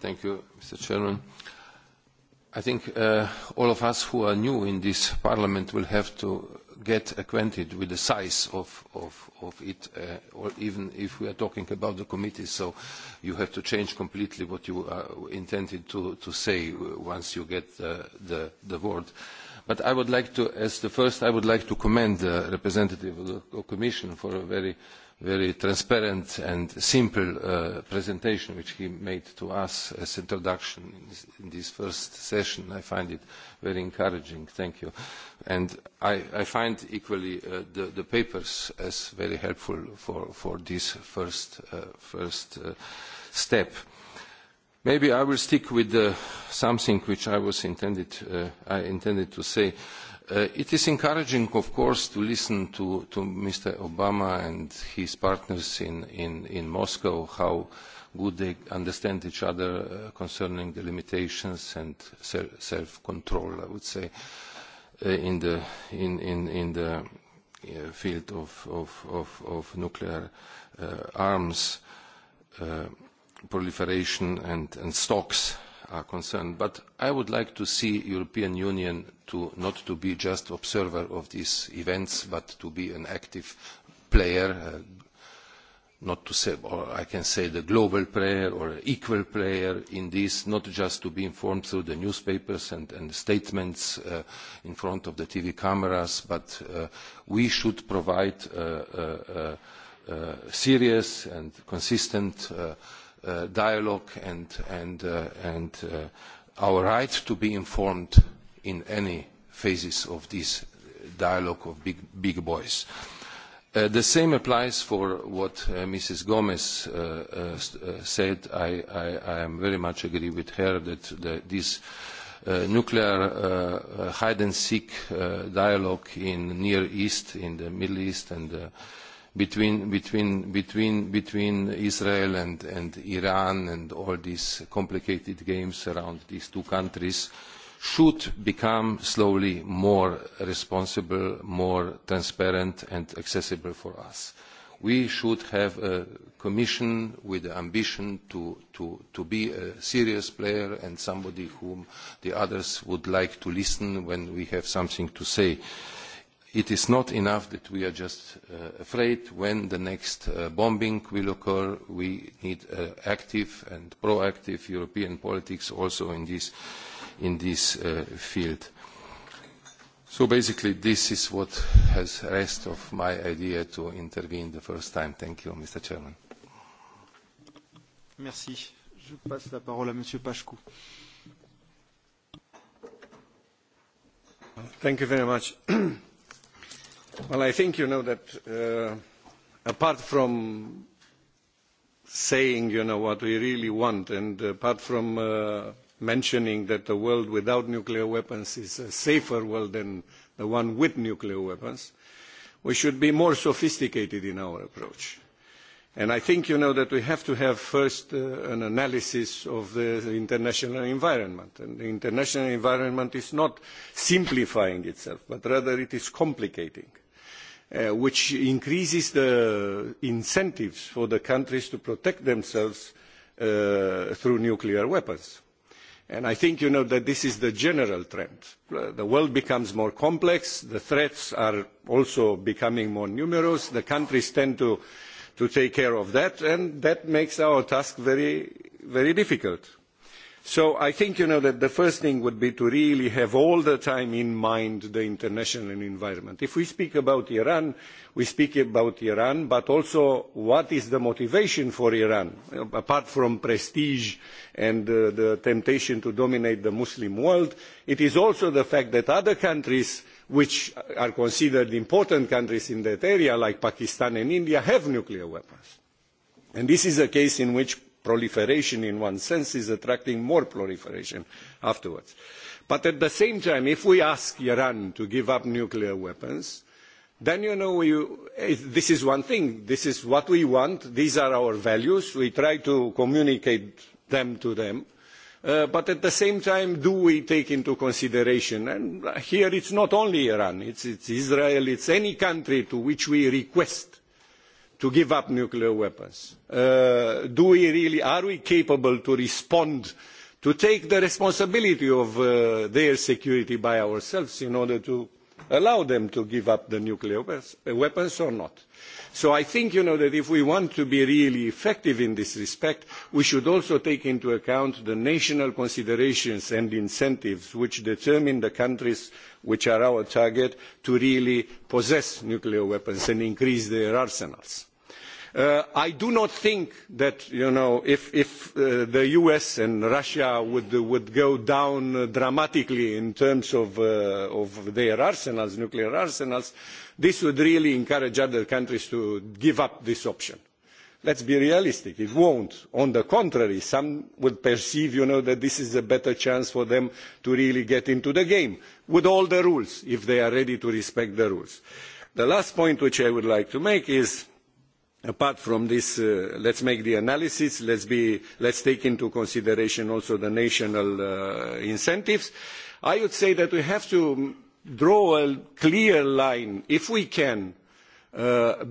Thank you, Mr. Chairman. I think all of us who are new in this Parliament will have to get acquainted with the size of, of, of it, uh, or even if we are talking about the committee, so you have to change completely what you uh, intended to, to say once you get the, the, the word. But I would like to, as the first, I would like to commend the representative of the Commission for a very very transparent and simple presentation which he made to us as an introduction in this first session. I find it very encouraging. Thank you. And I, I find equally the, the papers as very helpful for, for this first, first step. Maybe I will stick with something which I was intended, I intended to say. Uh, it is encouraging, of course, to listen to, Mr. Obama and his partners in, Moscow, how good they understand each other concerning the limitations and self-control, I would say, in, the, in, in, in the field of, of, of, of nuclear arms proliferation and, and stocks are concerned. But I would like to see the European Union to not to be just an observer of these events, but to be an active player, not to say, or I can say the global player or equal player in this, not just to be informed through the newspapers and, and statements in front of the TV cameras, but we should provide serious and consistent dialogue and, our right to be informed in any phases of this dialogue of big, boys. the same applies for what Mrs. Gomez said. I, am very much agree with her that this nuclear hide-and-seek dialogue in the Near East, in the Middle East and between between between between Israel and and Iran and all these complicated games around these two countries should become slowly more responsible, more transparent and accessible for us. We should have a commission with the ambition to, to, to be a serious player and somebody whom the others would like to listen when we have something to say. Uh, it is not enough that we are just afraid when the next bombing will occur. We need an active and proactive European politics also in this, field. So basically this is what has the rest of my idea to intervene the first time. Thank you, Mr. Chairman. Je passe la parole à Monsieur Pachkou. Thank you very much. I think you know that apart from saying what we really want and apart from mentioning that a world without nuclear weapons is a safer world than the one with nuclear weapons, we should be more sophisticated in our approach. And I think you know that we have to have first an analysis of the international environment. And the international environment is not simplifying itself, but rather it is complicating which increases the incentives for the countries to protect themselves through nuclear weapons. And I think you know that this is the general trend. The world becomes more complex, the threats are also becoming more numerous, the countries tend to, take care of that, and that makes our task very, very difficult So I think that the first thing would be to really have all the time in mind the international environment. If we speak about Iran, we speak about Iran, but also what is the motivation for Iran, apart from prestige and the temptation to dominate the Muslim world. It is also the fact that other countries which are considered important countries in that area, like Pakistan and India, have nuclear weapons. And this is a case in which proliferation in one sense is attracting more proliferation afterwards. But at the same time, if we ask Iran to give up nuclear weapons, then you know you, this is one thing. This is what we want. These are our values. We try to communicate them to them. but at the same time, do we take into consideration, and here it's not only Iran, it's, it's Israel, it's any country to which we request to give up nuclear weapons? do we really, are we capable to respond, to take the responsibility of their security by ourselves in order to allow them to give up the nuclear weapons or not? So I think, that if we want to be really effective in this respect, we should also take into account the national considerations and incentives which determine the countries which are our target to really possess nuclear weapons and increase their arsenals I do not think that if, the US and Russia would, go down dramatically in terms of, their arsenals, nuclear arsenals, this would really encourage other countries to give up this option. Let us be realistic, it won't. On the contrary, some would perceive, that this is a better chance for them to really get into the game, with all the rules, if they are ready to respect the rules. The last point which I would like to make is apart from this let us make the analysis let us take into consideration also the national incentives i would say that we have to draw a clear line if we can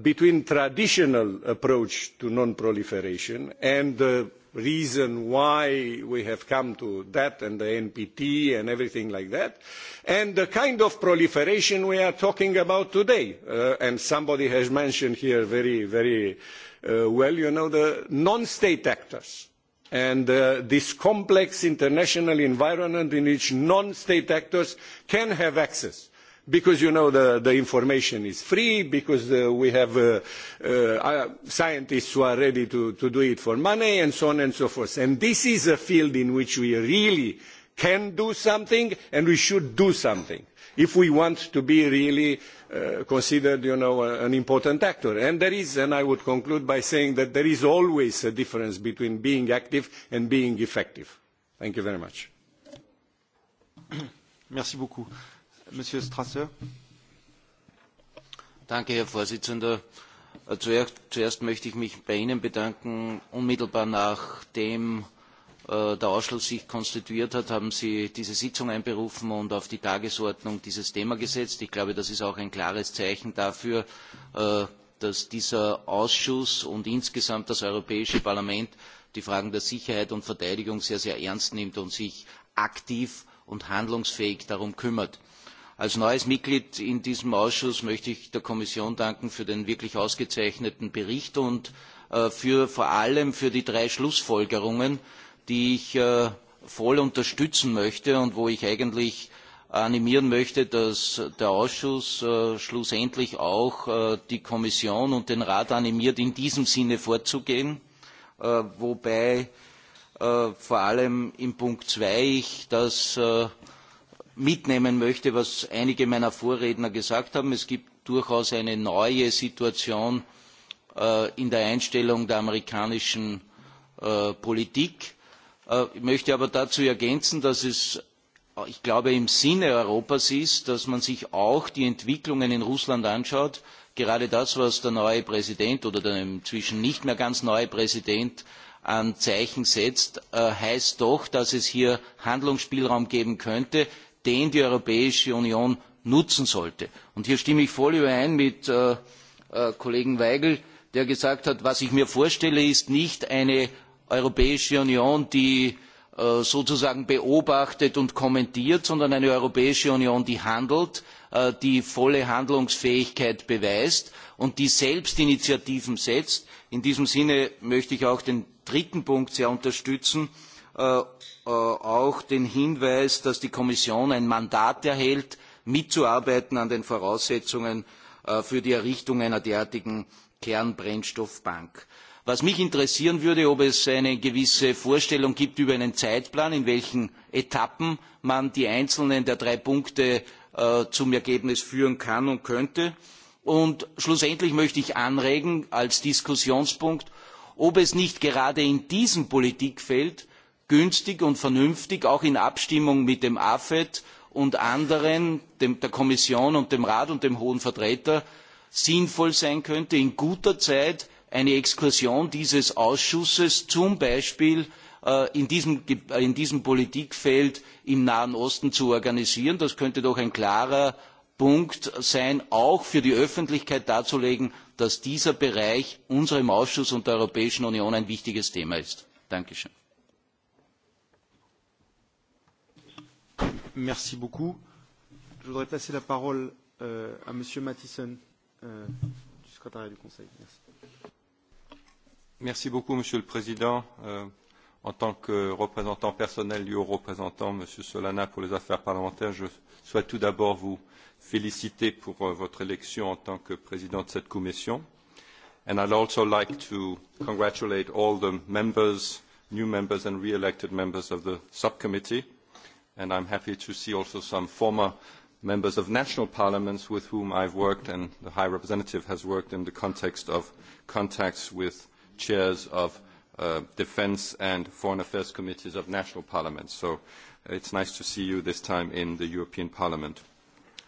between the traditional approach to non proliferation and the reason why we have come to that and the NPT and everything like that, and the kind of proliferation we are talking about today. and somebody has mentioned here very, very well, you know, the non-state actors and this complex international environment in which non-state actors can have access because you know the, the information is free, because we have scientists who are ready to, to do it for money, and so on and so forth. And this is a field in which we really can do something, and we should do something if we want to be really considered an important actor. And there is, and I would conclude by saying that there is always a difference between being active and being effective. Thank you very much. Herr Präsident. Zuerst möchte ich mich bei Ihnen bedanken. Unmittelbar nachdem der Ausschuss sich konstituiert hat, haben Sie diese Sitzung einberufen und auf die Tagesordnung dieses Thema gesetzt. Ich glaube, das ist auch ein klares Zeichen dafür, dass dieser Ausschuss und insgesamt das Europäische Parlament die Fragen der Sicherheit und Verteidigung sehr, sehr ernst nimmt und sich aktiv und handlungsfähig darum kümmert. Als neues Mitglied in diesem Ausschuss möchte ich der Kommission danken für den wirklich ausgezeichneten Bericht und vor allem für die drei Schlussfolgerungen, die ich voll unterstützen möchte und wo ich eigentlich animieren möchte, dass der Ausschuss schlussendlich auch die Kommission und den Rat animiert, in diesem Sinne vorzugehen, wobei vor allem in Punkt zwei ich das mitnehmen möchte, was einige meiner Vorredner gesagt haben. Es gibt durchaus eine neue Situation in der Einstellung der amerikanischen Politik. Ich möchte aber dazu ergänzen, dass es, ich glaube, im Sinne Europas ist, dass man sich auch die Entwicklungen in Russland anschaut. Gerade das, was der neue Präsident oder der inzwischen nicht mehr ganz neue Präsident an Zeichen setzt, heißt doch, dass es hier Handlungsspielraum geben könnte den die europäische union nutzen sollte. hier stimme ich voll überein mit kollegen vajgl der gesagt hat was ich mir vorstelle ist nicht eine europäische union die sozusagen beobachtet und kommentiert sondern eine europäische union die handelt die volle handlungsfähigkeit beweist und die selbst initiativen setzt. in diesem sinne möchte ich auch den dritten punkt sehr unterstützen auch den Hinweis, dass die Kommission ein Mandat erhält, mitzuarbeiten an den Voraussetzungen für die Errichtung einer derartigen Kernbrennstoffbank. Was mich interessieren würde, ob es eine gewisse Vorstellung gibt über einen Zeitplan, in welchen Etappen man die einzelnen der drei Punkte zum Ergebnis führen kann und könnte. Und schlussendlich möchte ich anregen als Diskussionspunkt, ob es nicht gerade in diesem Politikfeld günstig und vernünftig auch in abstimmung mit dem afet und anderen der kommission und dem rat und dem hohen vertreter sinnvoll sein könnte in guter zeit eine exkursion dieses ausschusses zum beispiel in diesem politikfeld im nahen osten zu organisieren. das könnte doch ein klarer punkt sein auch für die öffentlichkeit darzulegen dass dieser bereich unserem ausschuss und der europäischen union ein wichtiges thema ist. danke schön. Merci beaucoup. Je voudrais passer la parole euh, à Monsieur Mathison euh, du secrétariat du Conseil. Merci. Merci beaucoup, Monsieur le Président. Euh, en tant que représentant personnel du haut représentant, Monsieur Solana, pour les affaires parlementaires, je souhaite tout d'abord vous féliciter pour votre élection en tant que président de cette commission. And I'd also like to congratulate all the members, new members and re-elected members of the subcommittee and I'm happy to see also some former members of national parliaments with whom I have worked and the High Representative has worked in the context of contacts with chairs of defence and foreign affairs committees of national parliaments. So it is nice to see you this time in the European Parliament.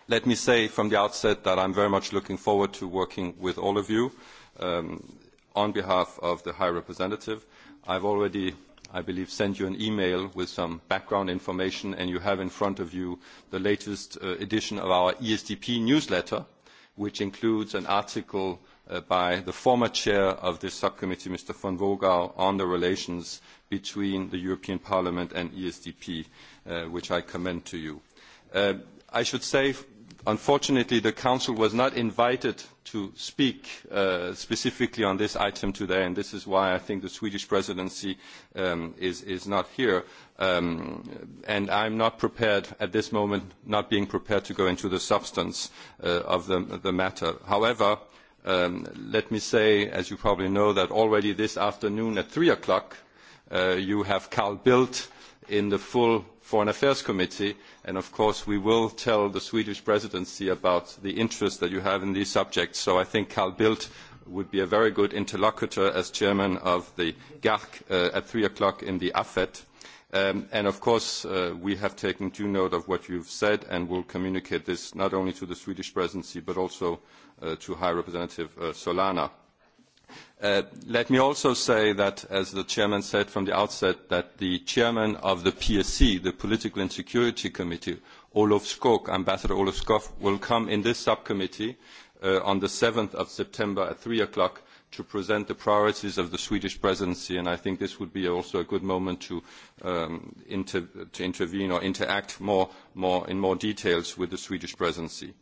Let me say from the outset that I am very much looking forward to working with all of you on behalf of the High Representative. I have already I believe, sent you an email with some background information, and you have in front of you the latest edition of our ESDP newsletter, which includes an article by the former chair of this subcommittee, Mr. von Wogau, on the relations between the European Parliament and ESDP, which I commend to you. I should say unfortunately the council was not invited to speak specifically on this item today and this is why i think the swedish presidency is not here and i am not prepared at this moment not being prepared to go into the substance of the matter. however let me say as you probably know that already this afternoon at three o'clock you have carl bildt in the full foreign affairs committee and of course we will tell the swedish presidency about the interest that you have in these subjects so i think carl bildt would be a very good interlocutor as chairman of the GARC at three o'clock in the AFET. and of course, we have taken due note of what you have said and will communicate this not only to the Swedish presidency but also to High Representative Solana. Let me also say that, as the chairman said from the outset, that the chairman of the PSC, the Political and Security Committee, Olof Skog, Ambassador Olof Skog, will come in this subcommittee on the 7 of September at three o'clock to present the priorities of the Swedish presidency, and I think this would be also a good moment to, intervene or interact more in more details with the Swedish presidency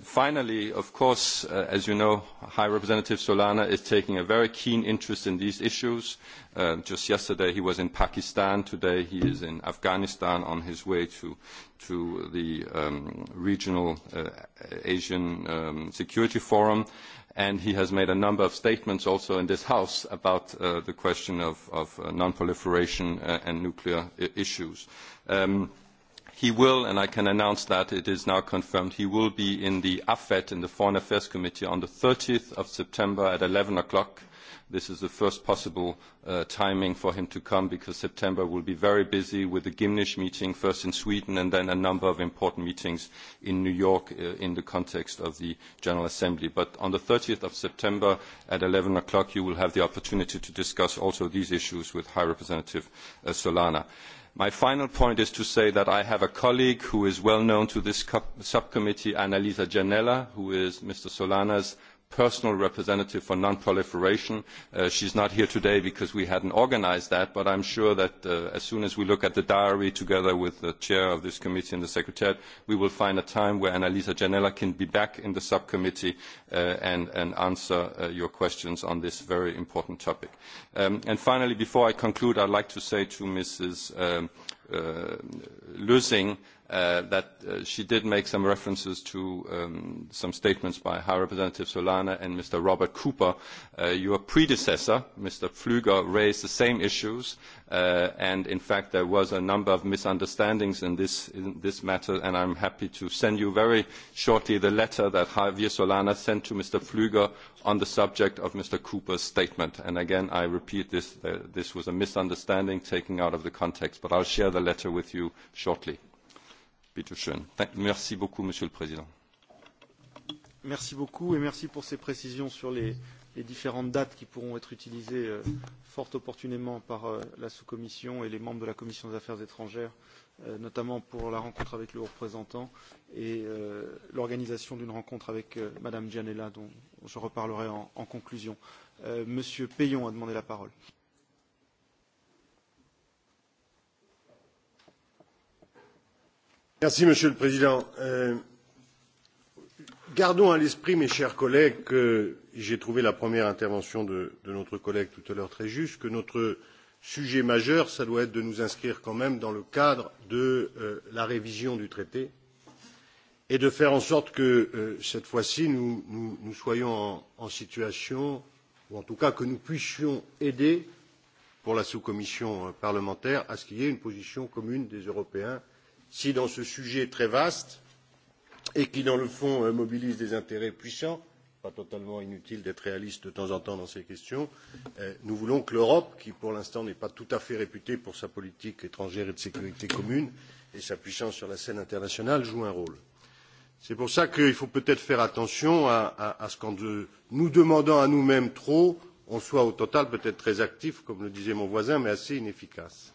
finally, of course, as you know, High Representative Solana is taking a very keen interest in these issues. just yesterday he was in Pakistan. Today he is in Afghanistan on his way to, the Regional Asian Security Forum. And he has made a number of statements also in this House about the question of, non-proliferation and nuclear issues. Um, he will, and I can announce that it is now confirmed, he will be in the AFET, in the Foreign Affairs Committee, on the of September at eleven o'clock. This is the first possible timing for him to come because September will be very busy with the gymnich meeting, first in Sweden, and then a number of important meetings in New York in the context of the General Assembly. But on the of September at eleven o'clock, you will have the opportunity to discuss also these issues with High Representative Solana my final point is to say that i have a colleague who is well known to this subcommittee annalisa janella who is mr solana's personal representative for non-proliferation. She is not here today because we hadn't organised that, but I am sure that as soon as we look at the diary together with the chair of this committee and the secretariat, we will find a time where Annalisa Janella can be back in the subcommittee and, answer your questions on this very important topic. finally, before I conclude, I would like to say to Mrs. Lösing that she did make some references to some statements by High Representative Solana and Mr. Robert Cooper. your predecessor, Mr. Pfluger, raised the same issues, and in fact there was a number of misunderstandings in this, matter, and I am happy to send you very shortly the letter that Javier Solana sent to Mr. Pfluger on the subject of Mr. Cooper's statement. And again, I repeat this, this was a misunderstanding taken out of the context, but I will share the letter with you shortly. Merci beaucoup, Monsieur le Président. Merci beaucoup et merci pour ces précisions sur les, différentes dates qui pourront être utilisées fort opportunément par la sous-commission et les membres de la commission des affaires étrangères, notamment pour la rencontre avec le haut représentant et l'organisation d'une rencontre avec Madame Gianella, dont je reparlerai en, conclusion. Monsieur Payon a demandé la parole. Monsieur le Président. Gardons à l'esprit, mes chers collègues, que j'ai trouvé la première intervention de, notre collègue tout à l'heure très juste, que notre sujet majeur, doit être de nous inscrire quand même dans le cadre de la révision du traité et de faire en sorte que cette fois-ci, nous, soyons en, situation, ou en tout cas que nous puissions aider, pour la sous-commission parlementaire, à ce qu'il y ait une position commune des Européens si dans ce sujet très vaste et qui dans le fond mobilise des intérêts puissants pas totalement inutile d'être réaliste de temps en temps dans ces questions. Nous voulons que l'Europe, qui pour l'instant n'est pas tout à fait réputée pour sa politique étrangère et de sécurité commune et sa puissance sur la scène internationale, joue un rôle. C'est pour cela qu'il faut peut-être faire attention à, ce qu'en nous demandant à nous-mêmes trop, on soit au total peut-être très actif, comme le disait mon voisin, mais assez inefficace.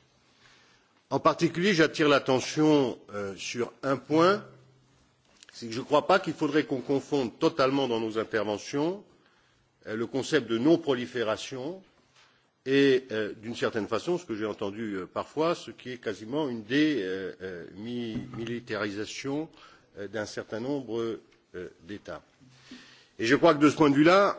En particulier, j'attire l'attention sur un point, c'est que je ne crois pas qu'il faudrait qu'on confonde totalement dans nos interventions le concept de non prolifération et, d'une certaine façon, ce que j'ai entendu parfois, ce qui est quasiment une démilitarisation d'un certain nombre d'États. Et je crois que de ce point de vue là,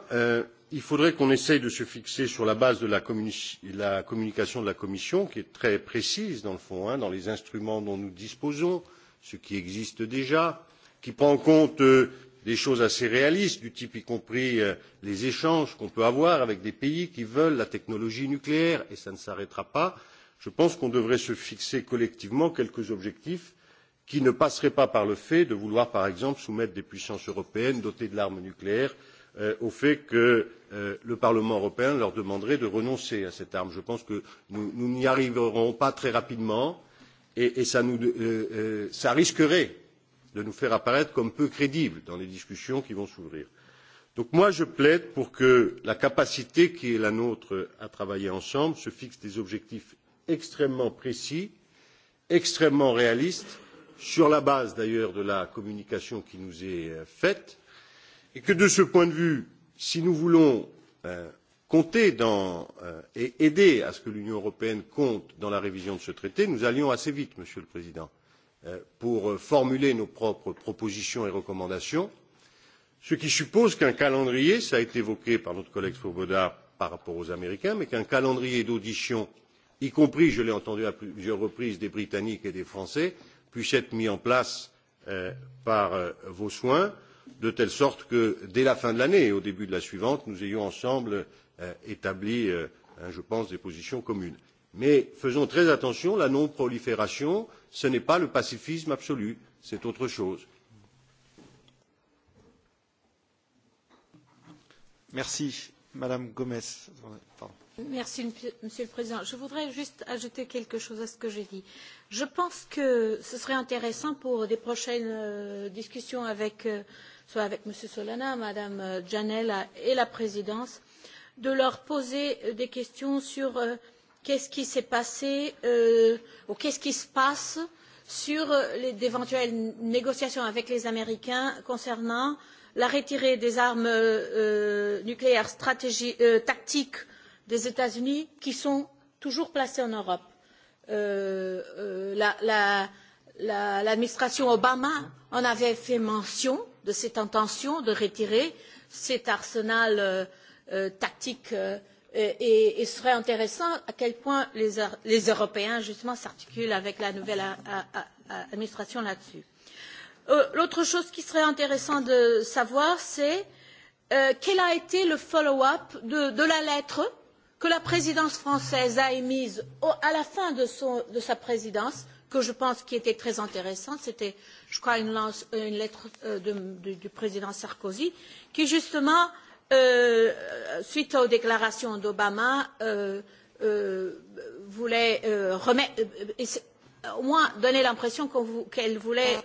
il faudrait qu'on essaie de se fixer sur la base de la communication de la commission qui est très précise dans le fond dans les instruments dont nous disposons ce qui existe déjà qui prend en compte des choses assez réalistes du type y compris les échanges qu'on peut avoir avec des pays qui veulent la technologie nucléaire et ça ne s'arrêtera pas je pense qu'on devrait se fixer collectivement quelques objectifs qui ne passeraient pas par le fait de vouloir par exemple soumettre des puissances européennes dotées de l'arme nucléaire au fait que le Parlement européen leur demanderait de renoncer à cette arme. Je pense que nous n'y arriverons pas très rapidement et, cela risquerait de nous faire apparaître comme peu crédibles dans les discussions qui vont s'ouvrir. Donc moi je plaide pour que la capacité qui est la nôtre à travailler ensemble se fixe des objectifs extrêmement précis, extrêmement réalistes, sur la base d'ailleurs de la communication qui nous est faite, et que de ce point de vue, si nous voulons compter et aider à ce que l'Union européenne compte dans la révision de ce traité, nous allions assez vite, Monsieur le Président, pour formuler nos propres propositions et recommandations, ce qui suppose qu'un calendrier, cela a été évoqué par notre collègue Swoboda par rapport aux Américains, mais qu'un calendrier d'audition, y compris, je l'ai entendu à plusieurs reprises, des Britanniques et des Français, puisse être mis en place par vos soins de telle sorte que dès la fin de l'année et au début de la suivante nous ayons ensemble établi je pense des positions communes. mais faisons très attention la non prolifération ce n'est pas le pacifisme absolu c'est autre chose. monsieur le président je voudrais juste ajouter quelque chose à ce que j'ai dit. je pense que ce serait intéressant pour de prochaines discussions avec soit avec M. Solana, Mme Janella et la présidence, de leur poser des questions sur qu'est-ce qui s'est passé ou qu'est-ce qui se passe sur d'éventuelles négociations avec les Américains concernant la retirée des armes nucléaires tactiques des États-Unis qui sont toujours placées en Europe. L'administration Obama en avait fait mention de cette intention de retirer cet arsenal tactique et il serait intéressant à quel point les, Européens justement s'articulent avec la nouvelle administration là-dessus. L'autre chose qui serait intéressant de savoir, c'est quel a été le follow-up de, la lettre que la présidence française a émise à la fin de, sa présidence que je pense qui était très intéressante, c'était, je crois, une, lettre du président Sarkozy, qui justement, suite aux déclarations d'Obama, voulait remettre, au moins donner l'impression qu'elle voulait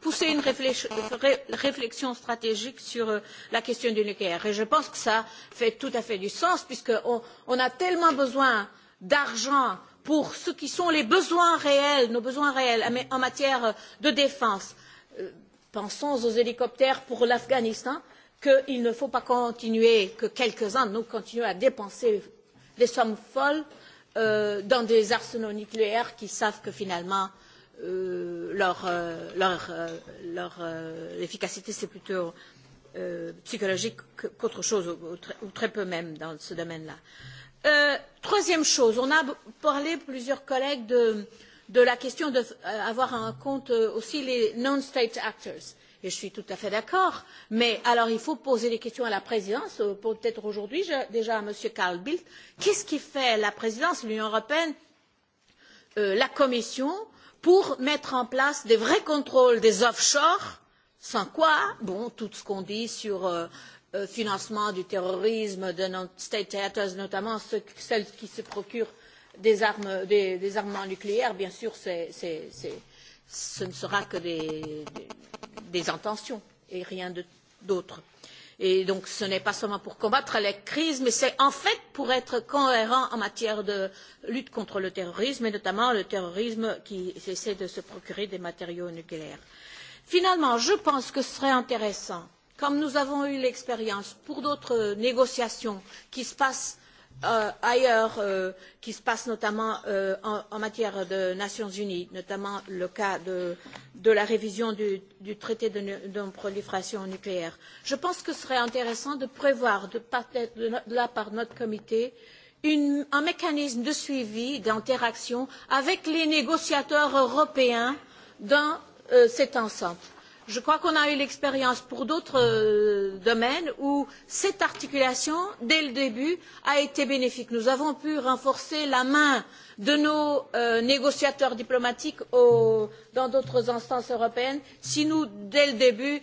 pousser une réflexion stratégique sur la question du nucléaire. Et je pense que cela fait tout à fait du sens, puisqu'on a tellement besoin d'argent pour ce qui sont les besoins réels, nos besoins réels en matière de défense. Pensons aux hélicoptères pour l'Afghanistan, qu'il ne faut pas continuer, que quelques-uns nous continuent à dépenser des sommes folles dans des arsenaux nucléaires qui savent que finalement leur, efficacité c'est plutôt psychologique qu'autre chose, ou très peu même dans ce domaine-là. Euh, troisième chose, on a parlé plusieurs collègues de, la question d'avoir en compte aussi les non-state actors. Et je suis tout à fait d'accord, mais alors il faut poser des questions à la présidence, peut-être aujourd'hui déjà à M. Carl Bildt. Qu'est-ce qui fait la présidence, l'Union européenne, la Commission pour mettre en place des vrais contrôles des offshore, sans quoi, bon, tout ce qu'on dit sur financement du terrorisme, de nos state Theatres, notamment celles qui se procurent des armes, des, armements nucléaires, bien sûr, ce ne sera que des, intentions et rien d'autre. Et donc, ce n'est pas seulement pour combattre les crises, mais c'est en fait pour être cohérent en matière de lutte contre le terrorisme, et notamment le terrorisme qui essaie de se procurer des matériaux nucléaires. Finalement, je pense que ce serait intéressant comme nous avons eu l'expérience pour d'autres négociations qui se passent ailleurs, qui se passent notamment en, matière de Nations Unies, notamment le cas de, la révision du, traité de non-prolifération nucléaire. Je pense que ce serait intéressant de prévoir de, la part de notre comité un mécanisme de suivi, d'interaction avec les négociateurs européens dans cet ensemble je crois qu'on a eu l'expérience pour d'autres domaines où cette articulation dès le début a été bénéfique. nous avons pu renforcer la main de nos négociateurs diplomatiques dans d'autres instances européennes si nous dès le début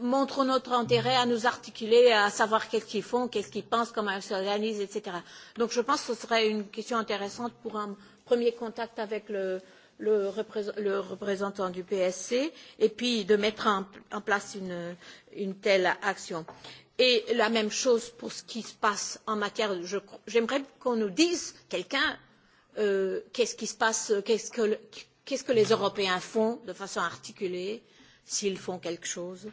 montrons notre intérêt à nous articuler à savoir qu'est ce qu'ils font qu'est ce qu'ils pensent comment ils s'organisent etc. donc je pense que ce serait une question intéressante pour un premier contact avec le le, représentant du PSC et puis de mettre en, place une, telle action. Et la même chose pour ce qui se passe en matière. J'aimerais qu'on nous dise, quelqu'un, qu'est-ce qui se passe, qu'est-ce que, les Européens font de façon articulée, s'ils font quelque chose,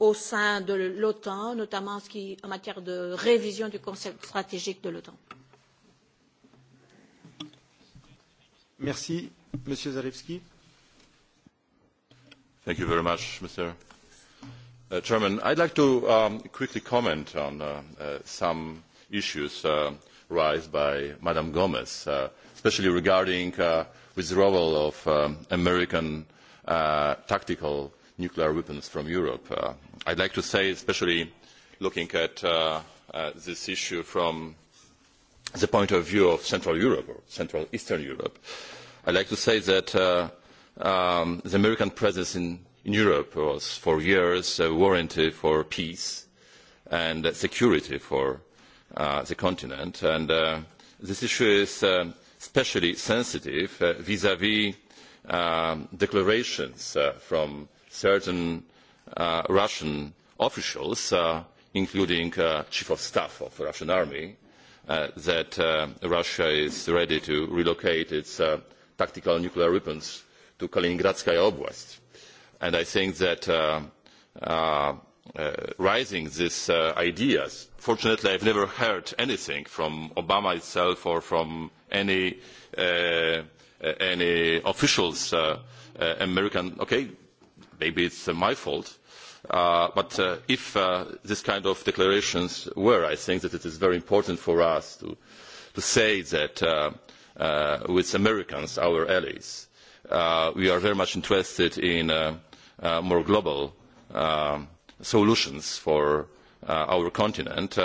au sein de l'OTAN, notamment en matière de révision du concept stratégique de l'OTAN. Merci. Thank you very much, Mr. Chairman. I'd like to quickly comment on some issues raised by Madam Gomes, especially regarding withdrawal of American tactical nuclear weapons from Europe. I would like to say, especially looking at this issue from the point of view of Central Europe or Central Eastern Europe, would like to say that the American presence in, Europe was for years a warranty for peace and security for the continent. And this issue is especially sensitive vis-à-vis declarations from certain Russian officials, including uh, chief of staff of the Russian army, that Russia is ready to relocate its tactical nuclear weapons to Kaliningradskaya Oblast. And I think that raising these ideas, fortunately I have never heard anything from Obama itself or from any, officials, American, okay, maybe it's my fault, but if this kind of declarations were, I think that it is very important for us to, say that with Americans, our allies. we are very much interested in more global solutions for our continent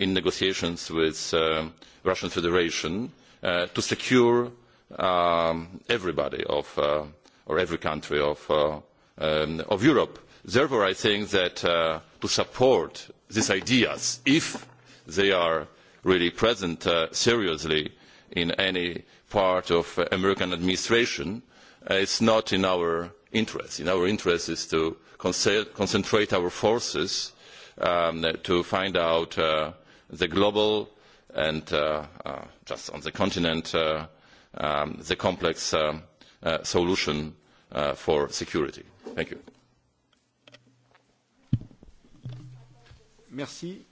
in negotiations with the Russian Federation to secure everybody or every country of, Europe. Therefore, I think that to support these ideas, if they are really present seriously in any part of the American administration, it is not in our interest. In our interest is to concentrate our forces to find out the global and just on the continent the complex solution for security. Thank you. Merci.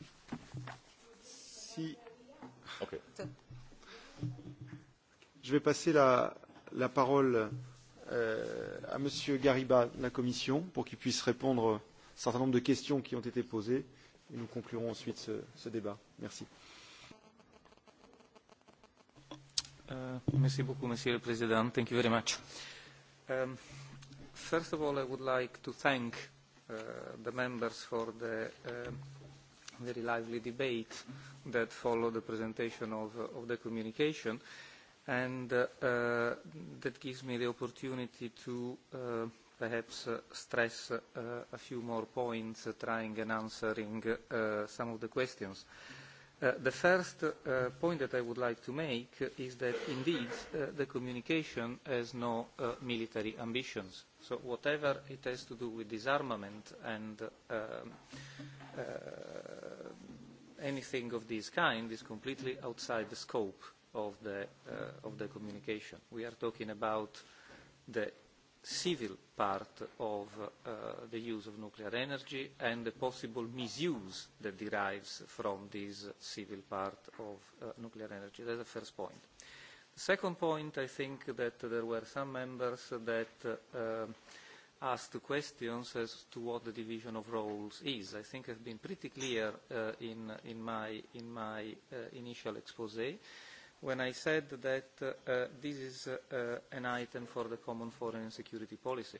Je vais passer la, la parole euh, à Monsieur Gariba de la Commission pour qu'il puisse répondre à un certain nombre de questions qui ont été posées et nous conclurons ensuite ce, ce débat. Merci. Uh, merci beaucoup, Monsieur le Président. Thank you very much. Um, first of all, I would like to thank uh, the members for the uh, very lively debate that followed the presentation of, of the communication. Uh, and uh, uh, that gives me the opportunity to uh, perhaps uh, stress uh, a few more points uh, trying and answering uh, some of the questions. Uh, the first uh, point that I would like to make is that indeed uh, the communication has no uh, military ambitions. So whatever it has to do with disarmament and uh, uh, anything of this kind is completely outside the scope of the, uh, of the communication. We are talking about the civil part of uh, the use of nuclear energy and the possible misuse that derives from this civil part of uh, nuclear energy. That's the first point. The second point, I think that there were some members that uh, asked questions as to what the division of roles is. I think I've been pretty clear uh, in, in my, in my uh, initial expose. Uh, when I said that uh, this is uh, an item for the common foreign and security policy.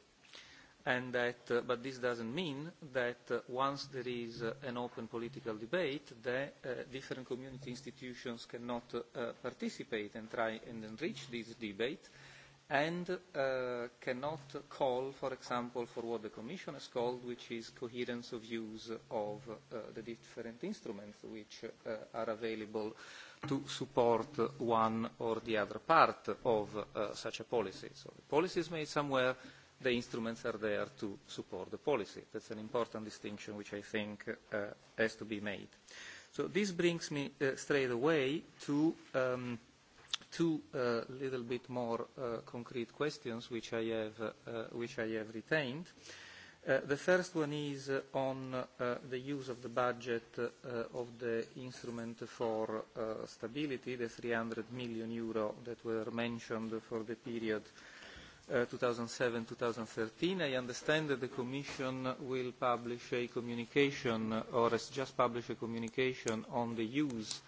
And that, uh, but this doesn't mean that uh, once there is uh, an open political debate, the uh, different community institutions cannot uh, participate and try and enrich this debate and uh, cannot call, for example, for what the Commission has called, which is coherence of use of uh, the different instruments which uh, are available uh, to support one or the other part of uh, such a policy. So the policy is made somewhere, the instruments are there to support the policy. That's an important distinction which I think uh, has to be made. So this brings me uh, straight away to um, two uh, little bit more uh, concrete questions which I have, uh, which I have retained. Uh, The first one is on the use of the budget of the instrument for stability, the 300 million euro that were mentioned for the period 2007-2013. I understand that the Commission will publish a communication, or has just published a communication on the use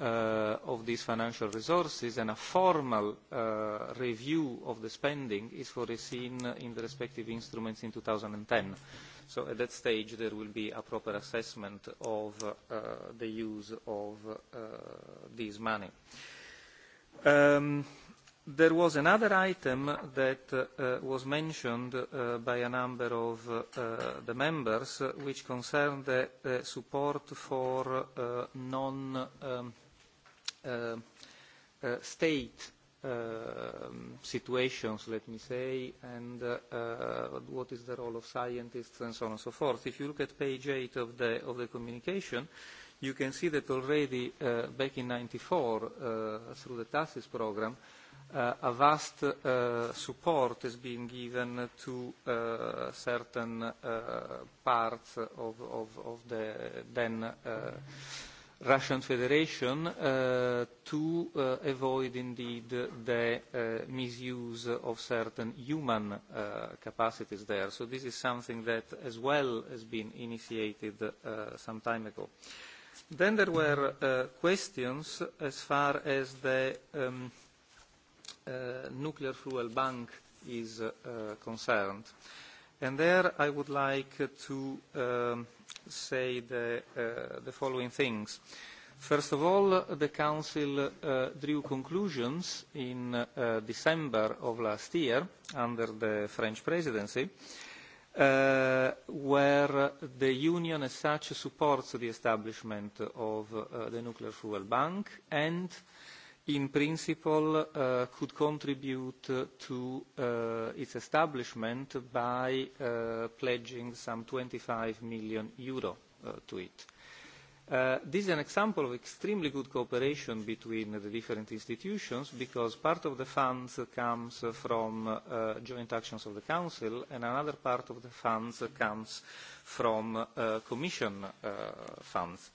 of these financial resources and a formal review of the spending is foreseen in the respective instruments in 2010. So at that stage there will be a proper assessment of the use of this money. there was another item that was mentioned by a number of the members which concerned the support for non state situations, let me say, and what is the role of scientists and so on and so forth. If you look at page eight of the, of the communication, you can see that already uh, back in 94, uh, through the TASIS program, uh, a vast uh, support has been given to uh, certain uh, parts of, of, of the then uh, Russian Federation uh, to uh, avoid indeed the uh, misuse of certain human uh, capacities there. So this is something that as well has been initiated uh, some time ago. Then there were uh, questions as far as the um, uh, nuclear fuel bank is uh, concerned. Uh, And there I would like to um, say the, uh, the following things. First of all, the Council uh, drew conclusions in uh, December of last year under the French presidency uh, where the Union as such supports the establishment of uh, the Nuclear Fuel Bank and uh, in principle, uh, could contribute to uh, its establishment by uh, pledging some 25 million euro uh, to it. Uh, this is an example of extremely good cooperation between the different institutions because part of the funds comes from uh, joint actions of the Council and another part of the funds comes from uh, Commission uh, funds.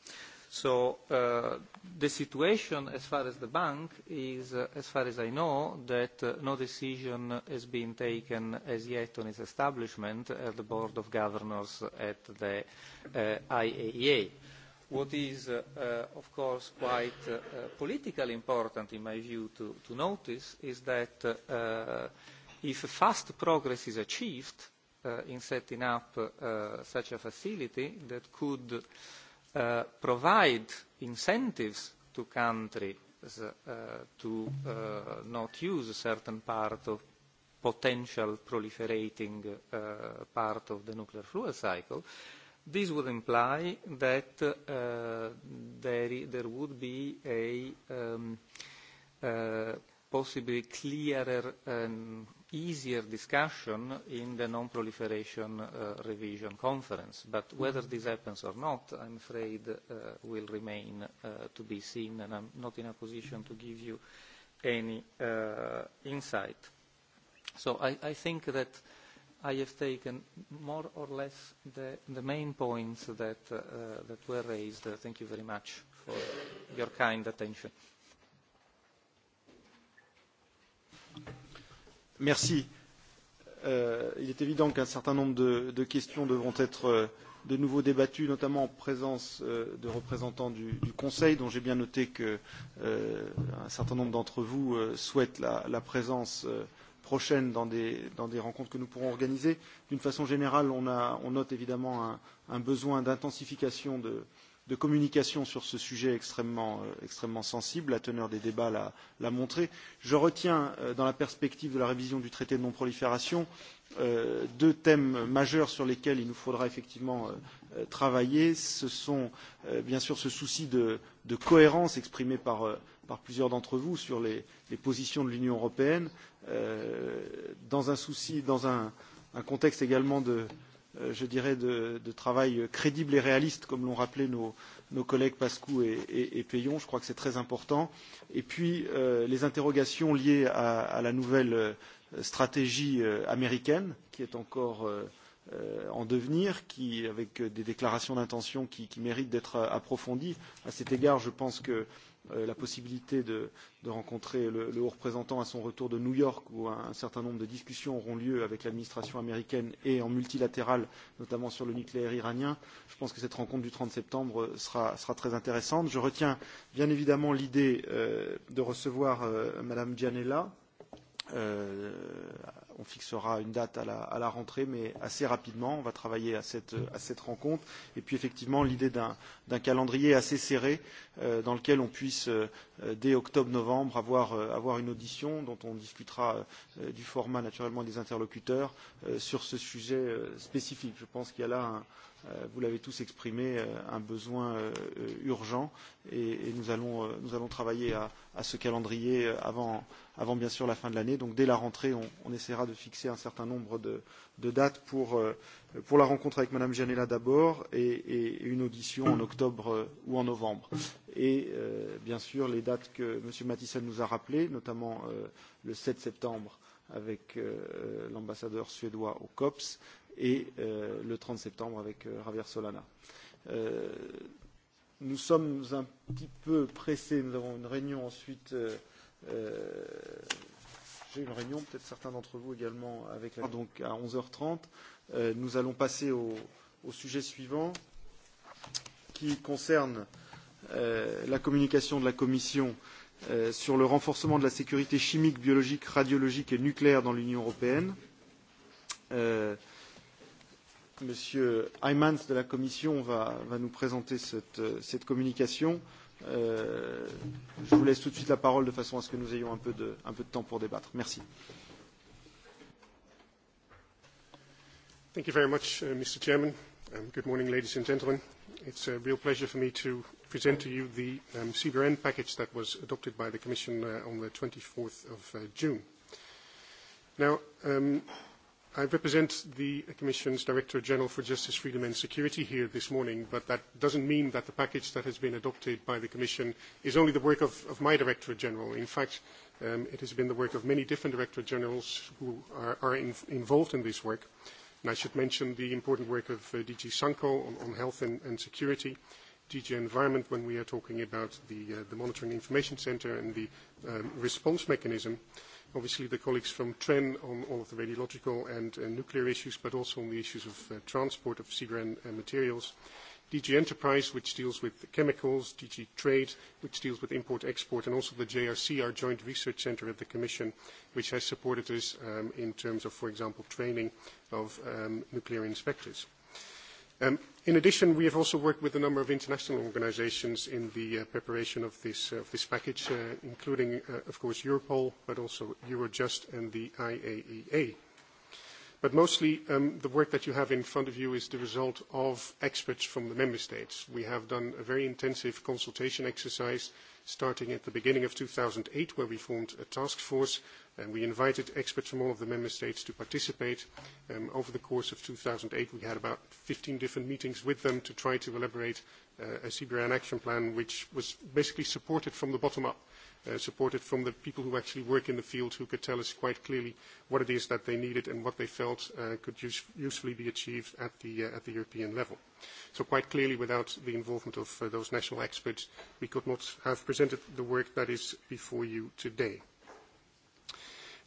So the situation as far as the bank is, as far as I know, that no decision has been taken as yet on its establishment at the Board of Governors at the IAEA. What is, of course, quite politically important, in my view, to notice is that if fast progress is achieved in setting up such a facility that could provide incentives to countries to not use a certain part of potential proliferating part of the nuclear fuel cycle, this would imply that there would be a possibly clearer easier discussion in the non-proliferation uh, revision conference. But whether mm -hmm. this happens or not, I'm afraid, uh, will remain uh, to be seen, and I'm not in a position to give you any uh, insight. So I, I think that I have taken more or less the, the main points that, uh, that were raised. Uh, thank you very much for your kind attention. Thank you. Merci. il est évident qu'un certain nombre de, questions devront être de nouveau débattues, notamment en présence de représentants du, Conseil, dont j'ai bien noté qu'un certain nombre d'entre vous souhaitent la, présence prochaine dans des, rencontres que nous pourrons organiser. D'une façon générale, on, note évidemment un, besoin d'intensification de, de communication sur ce sujet extrêmement, sensible. La teneur des débats l'a montré. Je retiens, dans la perspective de la révision du traité de non-prolifération, deux thèmes majeurs sur lesquels il nous faudra effectivement travailler. Ce sont bien sûr ce souci de, cohérence exprimé par, plusieurs d'entre vous sur les, positions de l'Union européenne, dans un contexte également de je dirais, de, travail crédible et réaliste, comme l'ont rappelé nos, collègues Pascou et, Payon. Je crois que c'est très important. Et puis, les interrogations liées à, la nouvelle stratégie américaine, qui est encore en devenir, qui, avec des déclarations d'intention qui, méritent d'être approfondies. À cet égard, je pense que la possibilité de, rencontrer le, haut représentant à son retour de New York, où un, certain nombre de discussions auront lieu avec l'administration américaine et en multilatéral, notamment sur le nucléaire iranien. Je pense que cette rencontre du trente septembre sera, très intéressante. Je retiens bien évidemment l'idée de recevoir Madame Gianella on fixera une date à la, à la rentrée, mais assez rapidement. On va travailler à cette, à cette rencontre. Et puis effectivement, l'idée d'un calendrier assez serré euh, dans lequel on puisse, euh, dès octobre-novembre, avoir, euh, avoir une audition dont on discutera euh, du format naturellement des interlocuteurs euh, sur ce sujet euh, spécifique. Je pense qu'il y a là un vous l'avez tous exprimé, un besoin urgent et, nous, allons, travailler à, ce calendrier avant, bien sûr la fin de l'année. Donc dès la rentrée, on, essaiera de fixer un certain nombre de, dates pour, la rencontre avec Madame Janella d'abord et, une audition en octobre ou en novembre. Et bien sûr les dates que M. Matissel nous a rappelées, notamment le sept septembre avec l'ambassadeur suédois au COPS, et le trente septembre avec Javier Solana. nous sommes un petit peu pressés, nous avons une réunion ensuite. j'ai une réunion, peut-être certains d'entre vous également, avec la, donc à onze h trente. nous allons passer au, sujet suivant qui concerne la communication de la Commission sur le renforcement de la sécurité chimique, biologique, radiologique et nucléaire dans l'Union européenne. Euh, Monsieur Heimans de la Commission va, nous présenter cette, communication. je vous laisse tout de suite la parole de façon à ce que nous ayons un peu de, temps pour débattre. Merci. Thank you very much, Mr. Chairman. good morning, ladies and gentlemen. It's a real pleasure for me to present to you the CBRN package that was adopted by the Commission on the 24th of June. Now, I represent the Commission's Director General for Justice, Freedom and Security here this morning, but that doesn't mean that the package that has been adopted by the Commission is only the work of, my Director General. In fact, it has been the work of many different Director Generals who are, involved in this work. And I should mention the important work of DG Sanko on, health and, security, DG Environment when we are talking about the, Monitoring Information Centre and the response mechanism obviously the colleagues from TREN on all of the radiological and nuclear issues, but also on the issues of transport of CBRN materials. DG Enterprise, which deals with chemicals, DG Trade, which deals with import-export, and also the JRC, our joint research center at the Commission, which has supported us in terms of, for example, training of nuclear inspectors in addition, we have also worked with a number of international organisations in the preparation of this, package, including, of course, Europol, but also Eurojust and the IAEA. But mostly, the work that you have in front of you is the result of experts from the member states. We have done a very intensive consultation exercise starting at the beginning of two thousand eight, where we formed a task force And we invited experts from all of the member states to participate. Um, over the course of 2008, we had about 15 different meetings with them to try to elaborate uh, a CBRN action plan, which was basically supported from the bottom up, uh, supported from the people who actually work in the field, who could tell us quite clearly what it is that they needed and what they felt uh, could use, usefully be achieved at the, uh, at the European level. So quite clearly, without the involvement of uh, those national experts, we could not have presented the work that is before you today.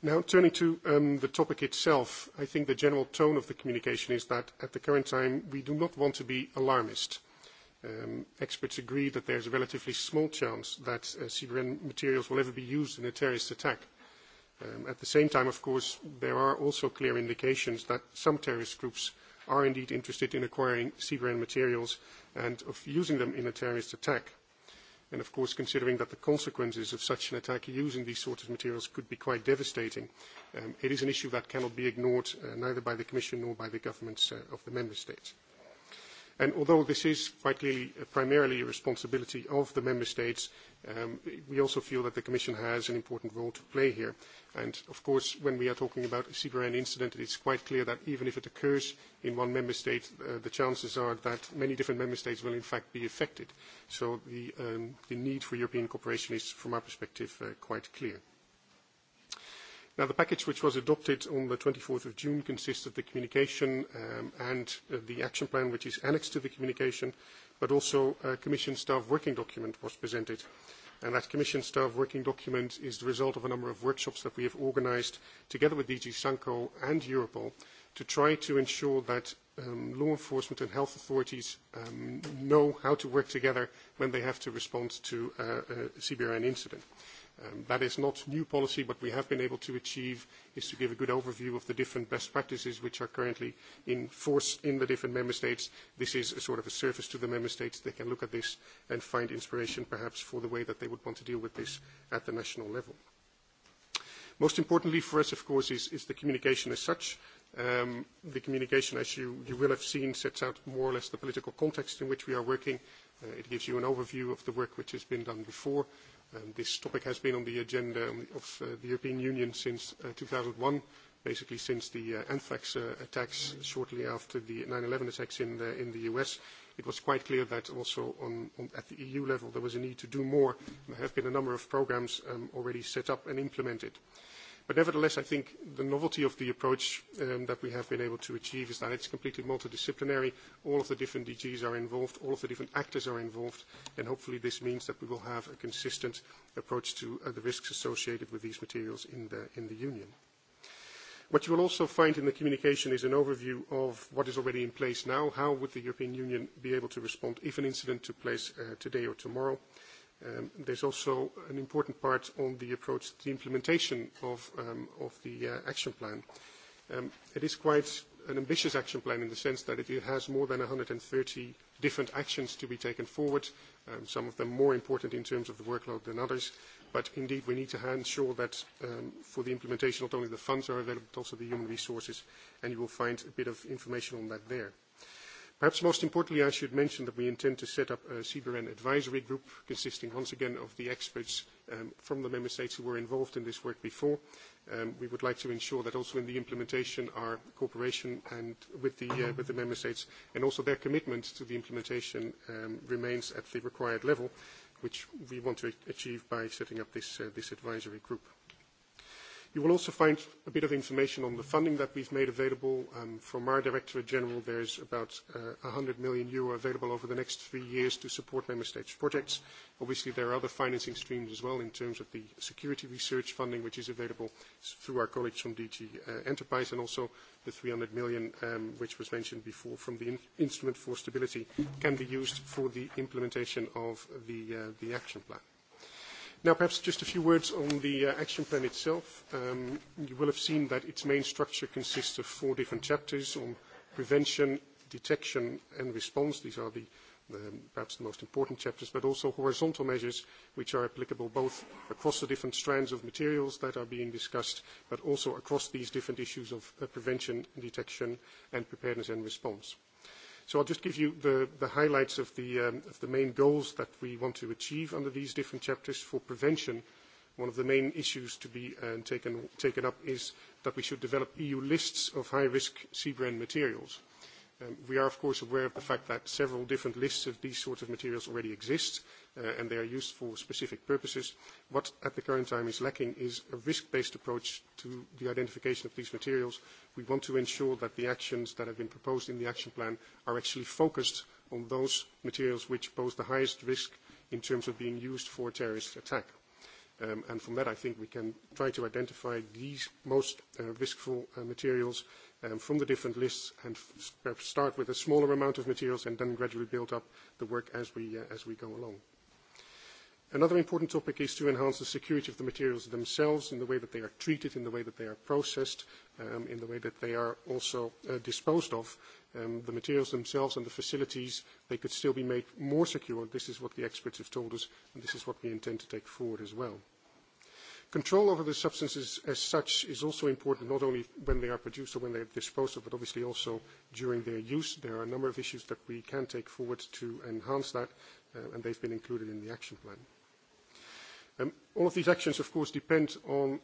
Now, turning to the topic itself, I think the general tone of the communication is that at the current time we do not want to be alarmist. experts agree that there is a relatively small chance that CBRN materials will ever be used in a terrorist attack. at the same time, of course, there are also clear indications that some terrorist groups are indeed interested in acquiring CBRN materials and of using them in a terrorist attack And of course, considering that the consequences of such an attack using these sorts of materials could be quite devastating, it is an issue that cannot be ignored neither by the Commission nor by the governments of the Member States. And although this is quite clearly primarily a responsibility of the member states, we also feel that the Commission has an important role to play here. And of course, when we are talking about a CBRN incident, it is quite clear that even if it occurs in one member state, the chances are that many different member states will in fact be affected. So the, need for European cooperation is, from our perspective, quite clear. Now, the package which was adopted on the 24th of June consists of the communication and the action plan which is annexed to the communication, but also a Commission staff working document was presented. And that Commission staff working document is the result of a number of workshops that we have organised together with DG Sanco and Europol to try to ensure that law enforcement and health authorities know how to work together when they have to respond to a CBRN incident. That is not new policy. but we have been able to achieve is to give a good overview of the different best practices which are currently in force in the different member states. This is a sort of a service to the member states. They can look at this and find inspiration perhaps for the way that they would want to deal with this at the national level. Most importantly for us, of course, is the communication as such. The communication, as you will have seen, sets out more or less the political context in which we are working. It gives you an overview of the work which has been done before, this topic has been on the agenda of the European Union since uh, 2001, basically since the anthrax attacks shortly after the 9-11 attacks in the, in the US. It was quite clear that also on, on, at the EU level there was a need to do more. There have been a number of programs already set up and implemented. But nevertheless, I think the novelty of the approach that we have been able to achieve is that it's completely multidisciplinary. All of the different DGs are involved, all of the different actors are involved, and hopefully this means that we will have a consistent approach to the risks associated with these materials in the, in the Union. What you will also find in the communication is an overview of what is already in place now. How would the European Union be able to respond if an incident took place today or tomorrow? Um, there's also an important part on the approach to the implementation of, um, of the uh, action plan. Um, it is quite an ambitious action plan in the sense that it has more than 130 different actions to be taken forward, um, some of them more important in terms of the workload than others. But indeed, we need to ensure that um, for the implementation, not only the funds are available, but also the human resources, and you will find a bit of information on that there. Perhaps most importantly, I should mention that we intend to set up a CBRN advisory group consisting once again of the experts from the member states who were involved in this work before. we would like to ensure that also in the implementation our cooperation and with the, with the member states and also their commitment to the implementation remains at the required level, which we want to achieve by setting up this, this advisory group. You will also find a bit of information on the funding that we've made available. From our Directorate General, there's about 100 million euro available over the next three years to support member states' projects. Obviously, there are other financing streams as well in terms of the security research funding, which is available through our colleagues from DG Enterprise, and also the 300 million, which was mentioned before, from the Instrument for Stability, can be used for the implementation of the action plan. Now, perhaps just a few words on the action plan itself. You will have seen that its main structure consists of four different chapters on prevention, detection, and response. These are the perhaps the most important chapters, but also horizontal measures which are applicable both across the different strands of materials that are being discussed, but also across these different issues of prevention, detection, and preparedness and response. So I'll just give you the, the highlights of the, um, of the main goals that we want to achieve under these different chapters for prevention. One of the main issues to be taken, taken up is that we should develop EU lists of high-risk CBRN materials. Um, we are, of course, aware of the fact that several different lists of these sorts of materials already exist, and they are used for specific purposes. What at the current time is lacking is a risk-based approach to the identification of these materials. We want to ensure that the actions that have been proposed in the action plan are actually focused on those materials which pose the highest risk in terms of being used for a terrorist attack. and from that, I think we can try to identify these most uh, riskful uh, materials from the different lists and start with a smaller amount of materials and then gradually build up the work as we, uh, as we go along. Another important topic is to enhance the security of the materials themselves in the way that they are treated, in the way that they are processed, in the way that they are also disposed of. the materials themselves and the facilities, they could still be made more secure. This is what the experts have told us, and this is what we intend to take forward as well. Control over the substances as such is also important, not only when they are produced or when they are disposed of, but obviously also during their use. There are a number of issues that we can take forward to enhance that, and they've been included in the action plan all of these actions, of course, depend on,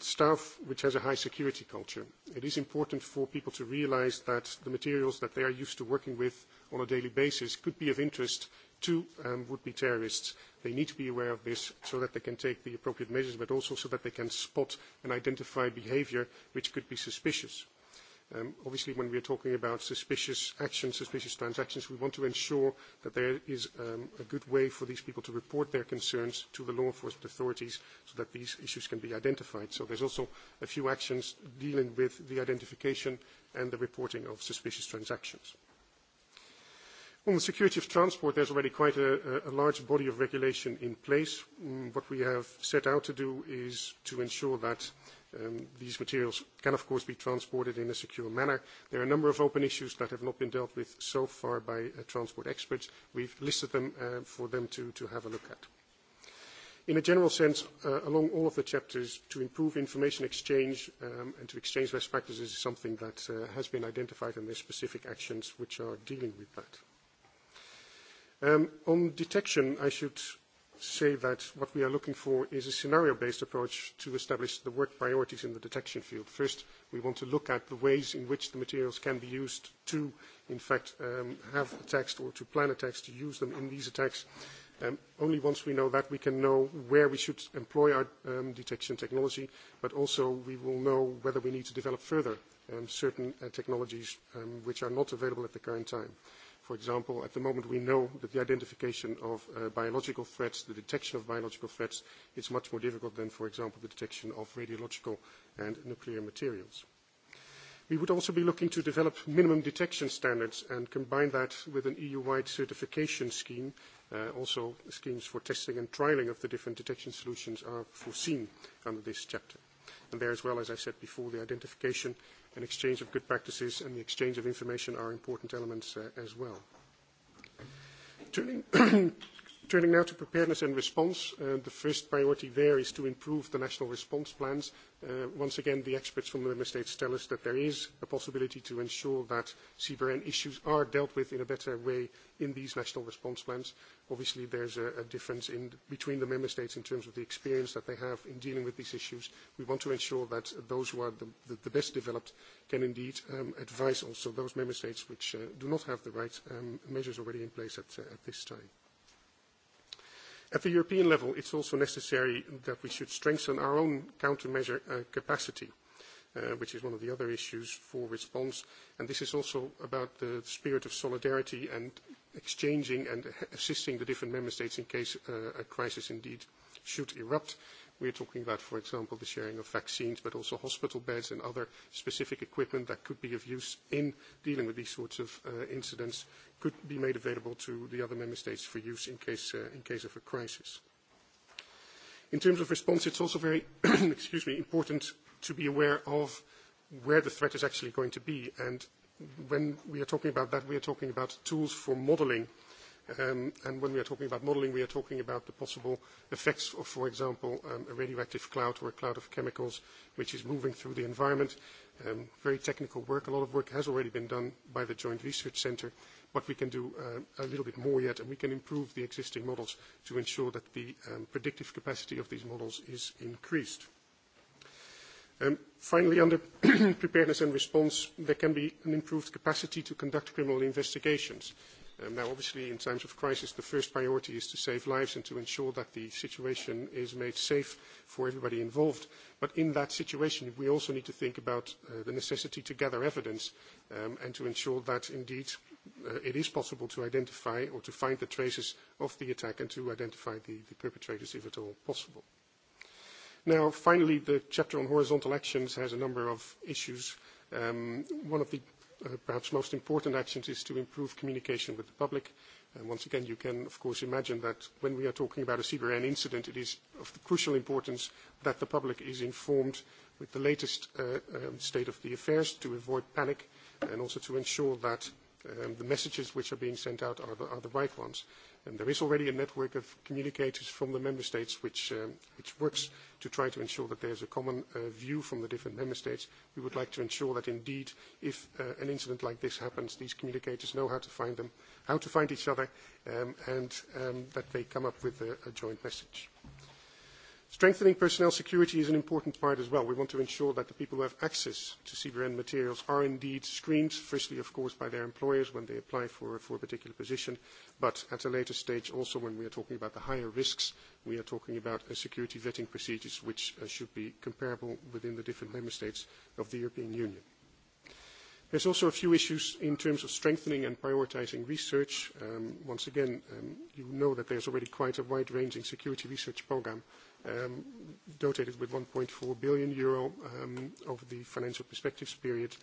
staff which has a high security culture. It is important for people to realise that the materials that they are used to working with on a daily basis could be of interest to would-be terrorists. They need to be aware of this so that they can take the appropriate measures, but also so that they can spot and identify behaviour which could be suspicious obviously, when we are talking about suspicious actions, suspicious transactions, we want to ensure that there is a good way for these people to report their concerns to the law enforcement authorities so that these issues can be identified. So there's also a few actions dealing with the identification and the reporting of suspicious transactions. On the security of transport, there's already quite a large body of regulation in place. What we have set out to do is to ensure that these materials can, of course, be transported in a secure manner. There are a number of open issues that have not been dealt with so far by transport experts. We've listed them for them to have a look at. In a general sense, along all of the chapters, to improve information exchange and to exchange best practices is something that has been identified, and are specific actions which are dealing with that. On detection, I should say that what we are looking for is a scenario-based approach to establish the work priorities in the detection field. First, we want to look at the ways in which the materials can be used to, in fact, have attacks or to plan attacks, to use them in these attacks. Only once we know that, we can know where we should employ our detection technology, but also we will know whether we need to develop further certain technologies which are not available at the current time. For example, at the moment we know that the identification of uh, biological threats, the detection of biological threats, is much more difficult than, for example, the detection of radiological and nuclear materials. We would also be looking to develop minimum detection standards and combine that with an EU-wide certification scheme. also, schemes for testing and trialing of the different detection solutions are foreseen under this chapter. And there as well, as I said before, the identification and exchange of good practices and the exchange of information are important elements uh, as well. Turning Turning now to preparedness and response, the first priority there is to improve the national response plans. Once again, the experts from the member states tell us that there is a possibility to ensure that CBRN issues are dealt with in a better way in these national response plans. Obviously, there's a difference between the member states in terms of the experience that they have in dealing with these issues. We want to ensure that those who are the best developed can indeed advise also those member states which do not have the right measures already in place at this time. At the European level, it's also necessary that we should strengthen our own countermeasure capacity, which is one of the other issues for response. And this is also about the spirit of solidarity and exchanging and assisting the different member states in case a crisis indeed should erupt We're talking about, for example, the sharing of vaccines, but also hospital beds and other specific equipment that could be of use in dealing with these sorts of uh, incidents could be made available to the other member states for use in case, uh, in case of a crisis. In terms of response, it's also very excuse me, important to be aware of where the threat is actually going to be. And when we are talking about that, we are talking about tools for modeling – and when we are talking about modelling, we are talking about the possible effects of, for example, a radioactive cloud or a cloud of chemicals which is moving through the environment. very technical work. A lot of work has already been done by the Joint Research Centre, but we can do a little bit more yet, and we can improve the existing models to ensure that the predictive capacity of these models is increased. Finally, under preparedness and response, there can be an improved capacity to conduct criminal investigations now, obviously, in times of crisis, the first priority is to save lives and to ensure that the situation is made safe for everybody involved. But in that situation, we also need to think about the necessity to gather evidence and to ensure that, indeed, it is possible to identify or to find the traces of the attack and to identify the, the perpetrators if at all possible. Now, finally, the chapter on horizontal actions has a number of issues. one of the perhaps most important actions is to improve communication with the public. And once again, you can, of course, imagine that when we are talking about a CBRN incident, it is of the crucial importance that the public is informed with the latest state of the affairs to avoid panic and also to ensure that the messages which are being sent out are the, are the right ones. And there is already a network of communicators from the member states which, which works to try to ensure that there's a common view from the different member states. We would like to ensure that indeed, if an incident like this happens, these communicators know how to find them, how to find each other, and that they come up with a, joint message. Strengthening personnel security is an important part as well. We want to ensure that the people who have access to CBRN materials are indeed screened, firstly, of course, by their employers when they apply for, for a particular position, but at a later stage, also when we are talking about the higher risks, we are talking about uh, security vetting procedures which uh, should be comparable within the different member states of the European Union. There's also a few issues in terms of strengthening and prioritizing research. Um, once again, um, you know that there's already quite a wide-ranging security research program dotated with 1.4 billion euro over the financial perspectives period.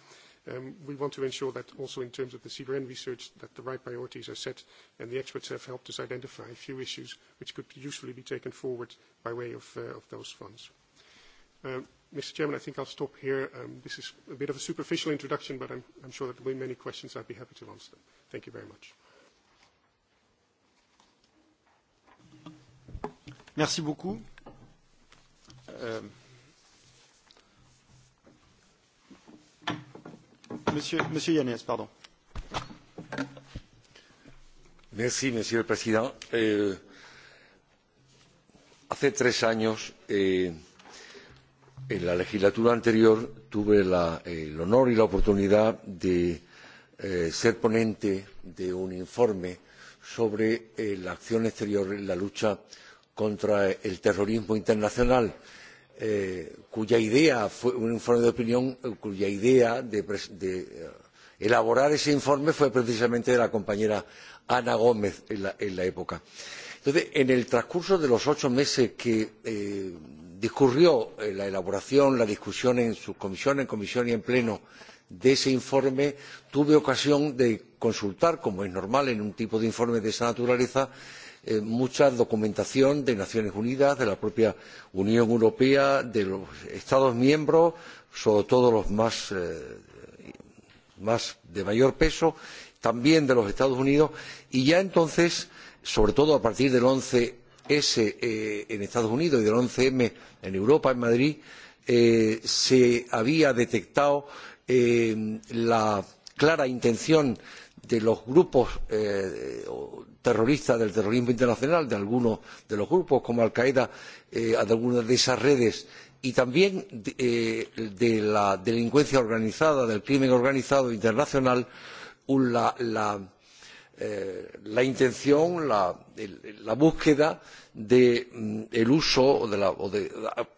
We want to ensure that also in terms of the CBRN research, that the right priorities are set, and the experts have helped us identify a few issues which could usefully be taken forward by way of those funds. Mr. Chairman, I think I'll stop here. This is a bit of a superficial introduction, but I'm sure there will be many questions. I'd be happy to answer them. Thank you very much. Merci beaucoup. Monsieur Yanez, pardon. Merci, Monsieur le Président. hace tres años, en la legislatura anterior, tuve el honor y la oportunidad de ser ponente de un informe sobre la acción exterior en la lucha contra el terrorismo internacional. Eh, cuya idea fue un informe de opinión cuya idea de, elaborar ese informe fue precisamente de la compañera Ana Gómez en la, época. Entonces, en el transcurso de los ocho meses que discurrió la elaboración, la discusión en subcomisión, en comisión y en pleno de ese informe, tuve ocasión de consultar, como es normal en un tipo de informe de esa naturaleza, mucha documentación de las Naciones Unidas, de la propia Unión Europea, de los Estados miembros, sobre todo los más, de mayor peso, también de los Estados Unidos, y ya entonces, sobre todo a partir del once s en Estados Unidos y del once m en Europa, en Madrid, se había detectado la clara intención de de los grupos terroristas del terrorismo internacional de algunos de los grupos como al qaeda de algunas de esas redes y también de la delincuencia organizada del crimen organizado internacional la intención la búsqueda del uso o de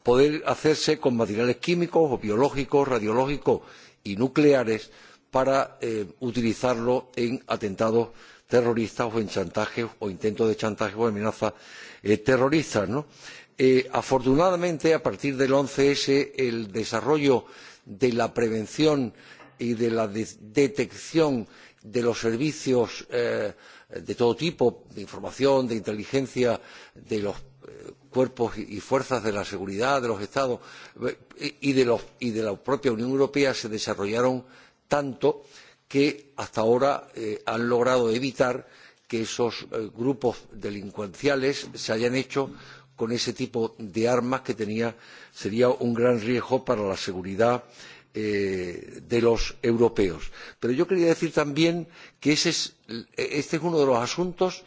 poder hacerse con materiales químicos o biológicos radiológicos y nucleares para utilizarlo en atentados terroristas o en chantajes o intentos de chantaje o amenazas terroristas. afortunadamente a partir del once s el desarrollo de la prevención y de la detección de los servicios de todo tipo de información de inteligencia de los cuerpos y fuerzas de la seguridad de los estados y de la propia unión europea se desarrollaron tanto que hasta ahora han logrado evitar que esos grupos delincuenciales se hayan hecho con ese tipo de armas que sería un gran riesgo para la seguridad de los europeos. Pero yo quería decir también que este es uno de los asuntos,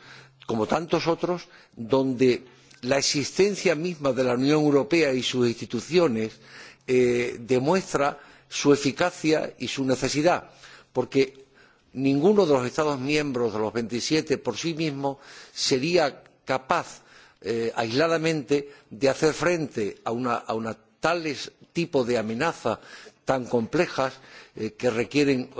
como tantos otros, donde la existencia misma de la Unión Europea y sus instituciones demuestra su eficacia y su necesidad, porque ninguno de los Estados miembros de los veintisiete por sí mismo sería capaz aisladamente de hacer frente a, a tal tipo de amenazas tan complejas que requieren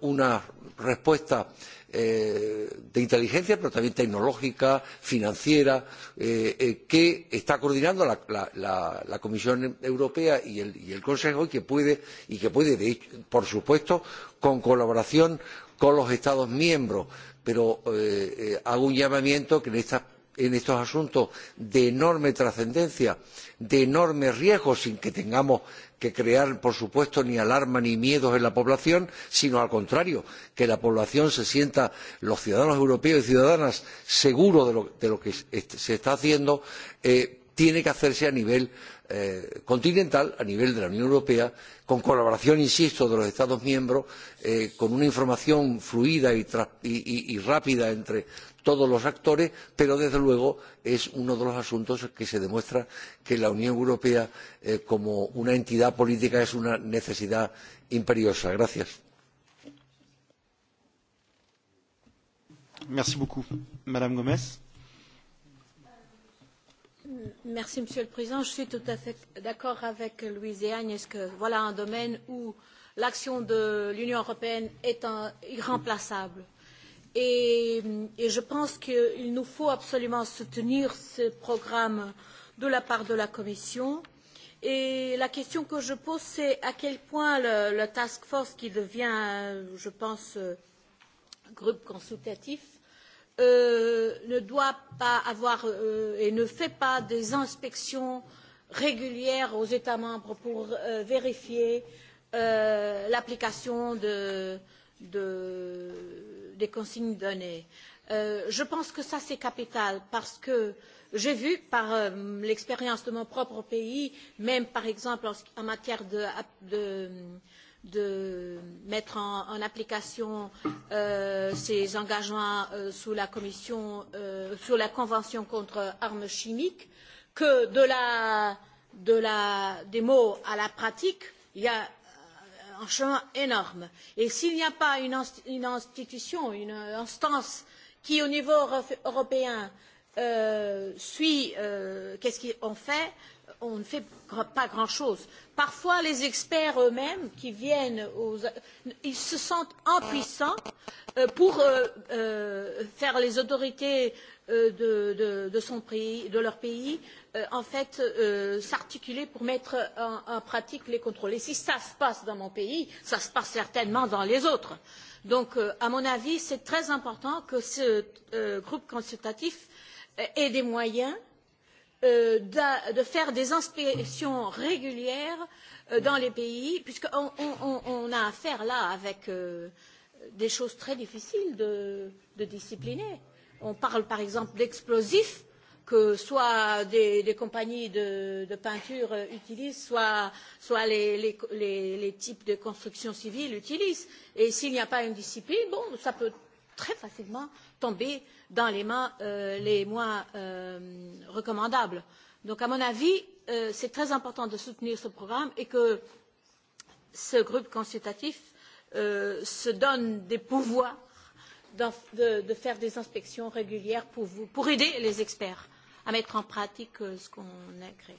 una respuesta de inteligencia, pero también tecnológica, financiera, que está coordinando la, Comisión Europea y el, Consejo y que puede, y que puede por supuesto, con colaboración con los Estados miembros. Pero hago un llamamiento que en estas en estos asuntos de enorme trascendencia, de enorme riesgo, sin que tengamos que crear, por supuesto, ni alarma ni miedos en la población, sino al contrario, que la población se sienta, los ciudadanos europeos y ciudadanas, seguros de lo, que se está haciendo, tiene que hacerse a nivel continental, a nivel de la Unión Europea, con colaboración, insisto, de los Estados miembros, con una información fluida y, rápida entre todos los actores pero desde luego es uno de los asuntos en que se demuestra que la unión europea como una entidad política es una necesidad imperiosa. Madame monsieur le président je suis tout à fait d'accord avec louise et agnès que voilà un domaine où l'action de l'union européenne est irremplaçable Et, je pense qu'il nous faut absolument soutenir ce programme de la part de la Commission. Et la question que je pose, c'est à quel point le, task force qui devient, je pense, groupe consultatif, ne doit pas avoir et ne fait pas des inspections régulières aux États membres pour vérifier l'application de, des consignes données. je pense que ça c'est capital parce que j'ai vu par l'expérience de mon propre pays, même par exemple en, matière de, mettre en, application ces engagements sous la commission, sur la convention contre armes chimiques, que de la, des mots à la pratique, il y a un chemin énorme. Et s'il n'y a pas une, institution, une instance qui, au niveau européen, suit ce qu'on fait, on ne fait pas grand chose. Parfois, les experts eux mêmes qui viennent aux ils se sentent impuissants pour faire les autorités de, son pays, de leur pays, en fait, s'articuler pour mettre en, pratique les contrôles. Et si cela se passe dans mon pays, cela se passe certainement dans les autres. Donc, à mon avis, c'est très important que ce groupe consultatif ait des moyens de faire des inspections régulières dans les pays, puisqu'on a affaire là avec des choses très difficiles de, discipliner on parle par exemple d'explosifs que soit des, compagnies de, peinture utilisent, soit, les, types de construction civile utilisent. Et s'il n'y a pas une discipline, cela peut très facilement tomber dans les mains les moins recommandables. Donc, à mon avis, c'est très important de soutenir ce programme et que ce groupe consultatif se donne des pouvoirs de, faire des inspections régulières pour, vous, pour aider les experts à mettre en pratique ce qu'on a créé.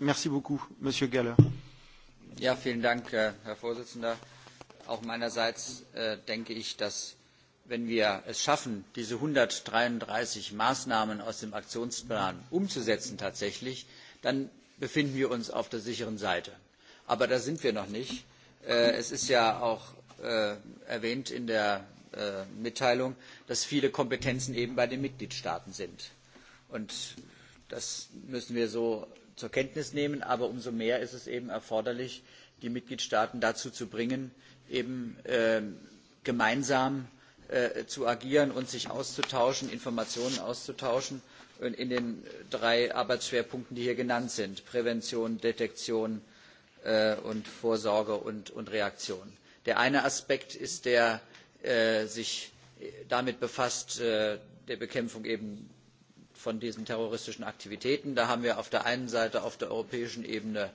Merci beaucoup, Monsieur Galler. Ja, vielen Dank, Herr Vorsitzender. Auch meinerseits denke ich, dass wenn wir es schaffen, diese 133 Maßnahmen aus dem Aktionsplan umzusetzen tatsächlich, dann befinden wir uns auf der sicheren Seite. Aber da sind wir noch nicht. Es ist ja auch erwähnt in der Mitteilung, dass viele Kompetenzen eben bei den Mitgliedstaaten sind. Und das müssen wir so zur Kenntnis nehmen, aber umso mehr ist es eben erforderlich, die Mitgliedstaaten dazu zu bringen, eben gemeinsam zu agieren und sich auszutauschen, Informationen auszutauschen in den drei Arbeitsschwerpunkten, die hier genannt sind Prävention, Detektion und Vorsorge und Reaktion der eine aspekt ist der sich damit befasst der bekämpfung eben von diesen terroristischen aktivitäten. da haben wir auf der einen seite auf der europäischen ebene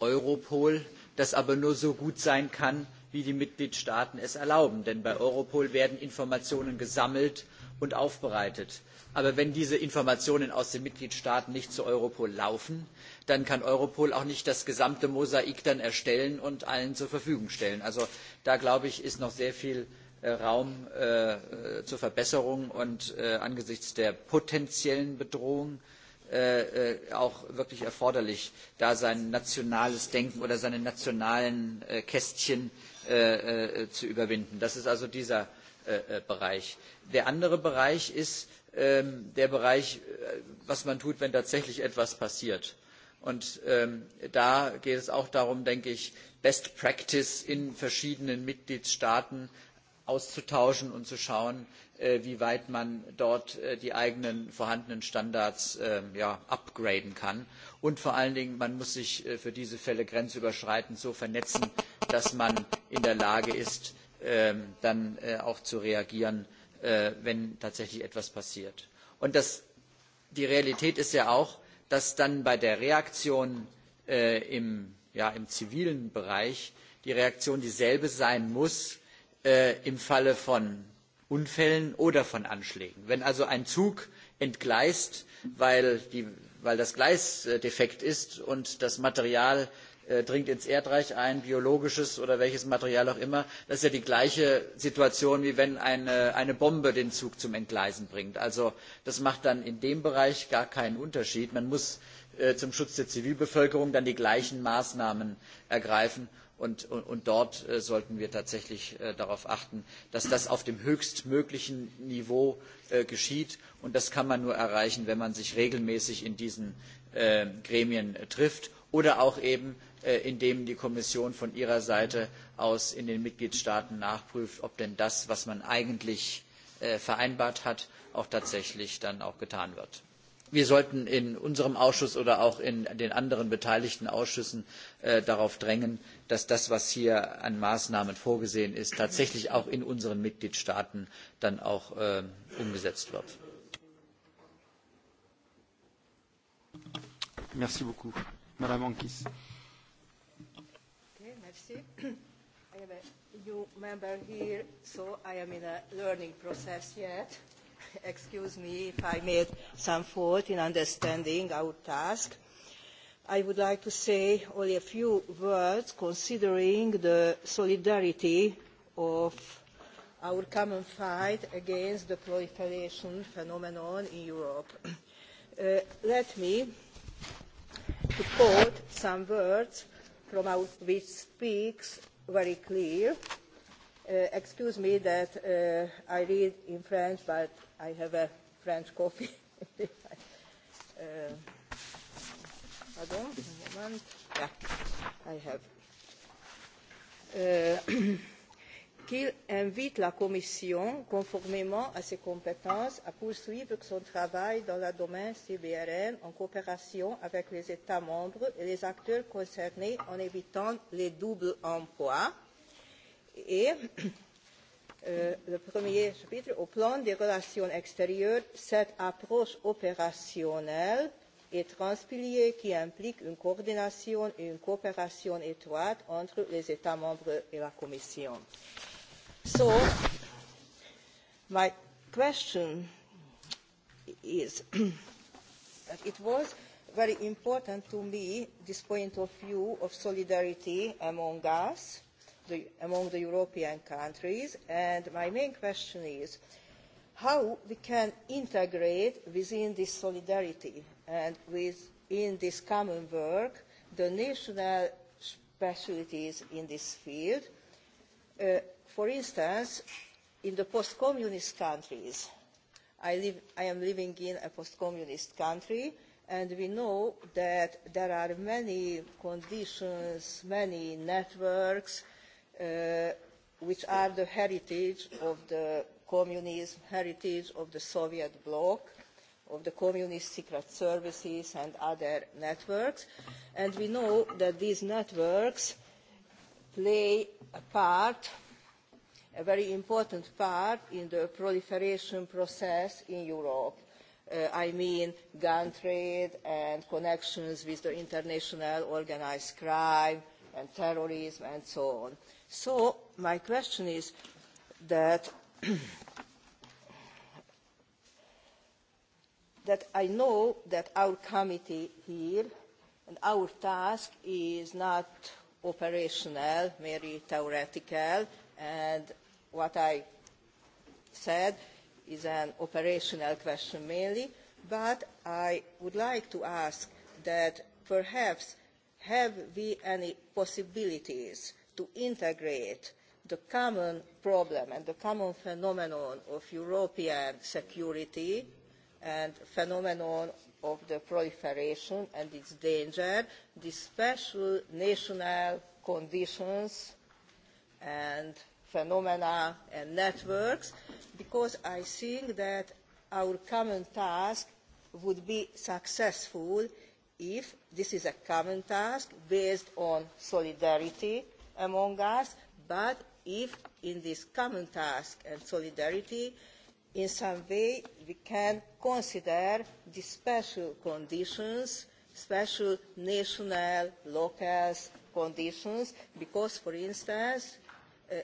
europol das aber nur so gut sein kann wie die mitgliedstaaten es erlauben denn bei europol werden informationen gesammelt und aufbereitet. aber wenn diese informationen aus den mitgliedstaaten nicht zu europol laufen dann kann europol auch nicht das gesamte mosaik erstellen und allen zur verfügung stellen. also da glaube ich, ist noch sehr viel raum zur verbesserung und angesichts der potenziellen bedrohung auch wirklich erforderlich da sein nationales denken oder seine nationalen kästchen zu überwinden. das ist also dieser bereich. der andere bereich ist der bereich was man tut wenn tatsächlich etwas passiert. und da geht es auch darum best practice in verschiedenen mitgliedstaaten auszutauschen und zu schauen wie weit man dort die eigenen vorhandenen standards upgraden kann. und vor allen dingen man muss sich für diese fälle grenzüberschreitend so vernetzen dass man in der lage ist dann auch zu reagieren, wenn tatsächlich etwas passiert. Und die Realität ist ja auch, dass dann bei der Reaktion im, zivilen Bereich die Reaktion dieselbe sein muss im Falle von Unfällen oder von Anschlägen. Wenn also ein Zug entgleist, weil, das Gleis defekt ist und das Material dringt ins Erdreich ein, biologisches oder welches Material auch immer. Das ist ja die gleiche Situation, wie wenn eine, Bombe den Zug zum Entgleisen bringt. Also das macht dann in dem Bereich gar keinen Unterschied. Man muss zum Schutz der Zivilbevölkerung dann die gleichen Maßnahmen ergreifen. Und, dort sollten wir tatsächlich darauf achten, dass das auf dem höchstmöglichen Niveau geschieht. Und das kann man nur erreichen, wenn man sich regelmäßig in diesen Gremien trifft oder auch eben, indem die Kommission von ihrer Seite aus in den Mitgliedstaaten nachprüft, ob denn das, was man eigentlich vereinbart hat, auch tatsächlich dann auch getan wird. Wir sollten in unserem Ausschuss oder auch in den anderen beteiligten Ausschüssen darauf drängen, dass das, was hier an Maßnahmen vorgesehen ist, tatsächlich auch in unseren Mitgliedstaaten dann auch umgesetzt wird. Madame Ankis. Okay, merci. I am a new member here, so I am in a learning process yet. Excuse me if I made some fault in understanding our task. I would like to say only a few words considering the solidarity of our common fight against the proliferation phenomenon in Europe. let me to quote some words from out which speaks very clear. Uh, excuse me that uh, I read in French, but I have a French copy. uh, pardon, a moment. Yeah, I have. Uh, qu'il invite la Commission, conformément à ses compétences, à poursuivre son travail dans le domaine CBRN en coopération avec les États membres et les acteurs concernés en évitant les doubles emplois. Et le premier chapitre, au plan des relations extérieures, cette approche opérationnelle et transpilier qui implique une coordination et une coopération étroites entre les États membres et la Commission. So, my question is that it was very important to me this point of view of solidarity among us, the, among the European countries, and my main question is how we can integrate within this solidarity and within this common work the national specialities in this field for instance, in the post-communist countries, I, live, I am living in a post-communist country, and we know that there are many conditions, many networks uh, which are the heritage of the communism, heritage of the Soviet bloc, of the communist secret services and other networks. And we know that these networks play a part a very important part in the proliferation process in Europe. I mean gun trade and connections with the international organised crime and terrorism and so on. So my question is that that I know that our committee here and our task is not operational, merely theoretical, and what I said is an operational question mainly, but I would like to ask that perhaps have we any possibilities to integrate the common problem and the common phenomenon of European security and phenomenon of the proliferation and its danger, the special national conditions and phenomena and networks, because I think that our common task would be successful if this is a common task based on solidarity among us, but if in this common task and solidarity, in some way we can consider the special conditions, special national, local conditions, because, for instance,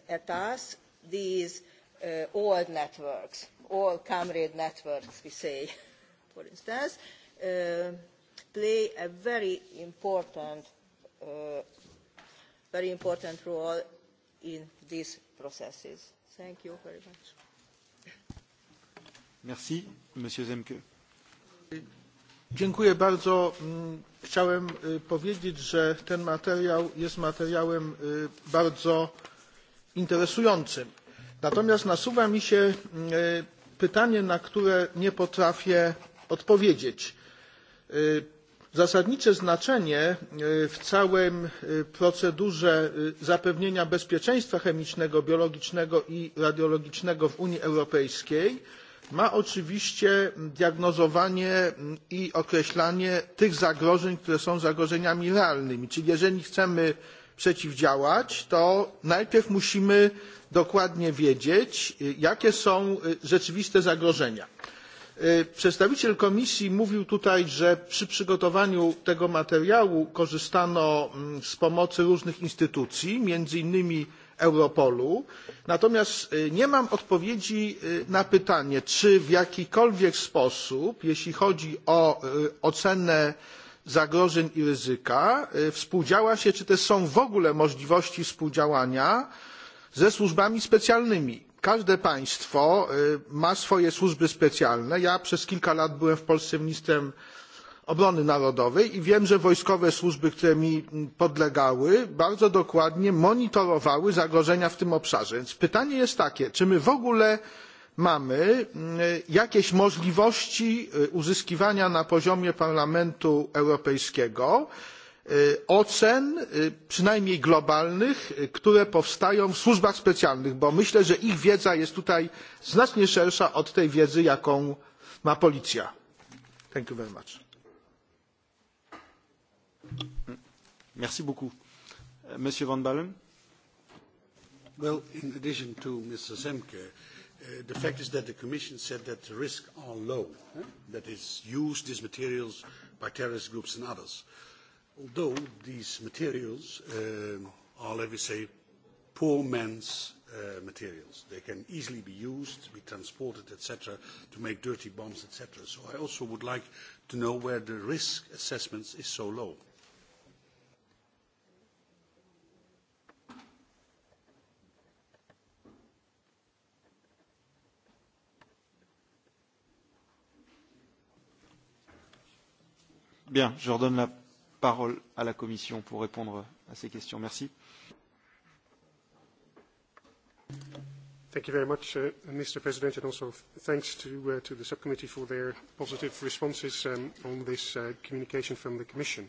at us these uh, old networks, all comrade networks, we say, for instance, uh, play a very important, uh, very important role in these processes. Thank you very much. Merci, Monsieur Zemke. Dziękuję bardzo. Chciałem powiedzieć, że ten materiał jest materiałem bardzo interesującym. Natomiast nasuwa mi się pytanie, na które nie potrafię odpowiedzieć. Zasadnicze znaczenie w całej procedurze zapewnienia bezpieczeństwa chemicznego, biologicznego i radiologicznego w Unii Europejskiej ma oczywiście diagnozowanie i określanie tych zagrożeń, które są zagrożeniami realnymi. Czyli jeżeli chcemy przeciwdziałać, to najpierw musimy dokładnie wiedzieć, jakie są rzeczywiste zagrożenia. Przedstawiciel Komisji mówił tutaj, że przy przygotowaniu tego materiału korzystano z pomocy różnych instytucji, między innymi Europolu. Natomiast nie mam odpowiedzi na pytanie, czy w jakikolwiek sposób, jeśli chodzi o ocenę zagrożeń i ryzyka, współdziała się, czy też są w ogóle możliwości współdziałania ze służbami specjalnymi. Każde państwo ma swoje służby specjalne. Ja przez kilka lat byłem w Polsce ministrem obrony narodowej i wiem, że wojskowe służby, które mi podlegały, bardzo dokładnie monitorowały zagrożenia w tym obszarze. Więc pytanie jest takie, czy my w ogóle mamy jakieś możliwości uzyskiwania na poziomie Parlamentu Europejskiego ocen, przynajmniej globalnych, które powstają w służbach specjalnych, bo myślę, że ich wiedza jest tutaj znacznie szersza od tej wiedzy, jaką ma policja. Thank you very much. Merci Semke, the fact is that the Commission said that the risks are low, that it's used, these materials, by terrorist groups and others. Although these materials are, let me say, poor man's materials. They can easily be used, be transported, etc., to make dirty bombs, etc. So I also would like to know where the risk assessments is so low. Bien, je redonne la parole à la Commission pour répondre à ces questions. Merci. Thank you very much, uh, Mr. President, and also thanks to, uh, to the subcommittee for their positive responses um, on this uh, communication from the Commission.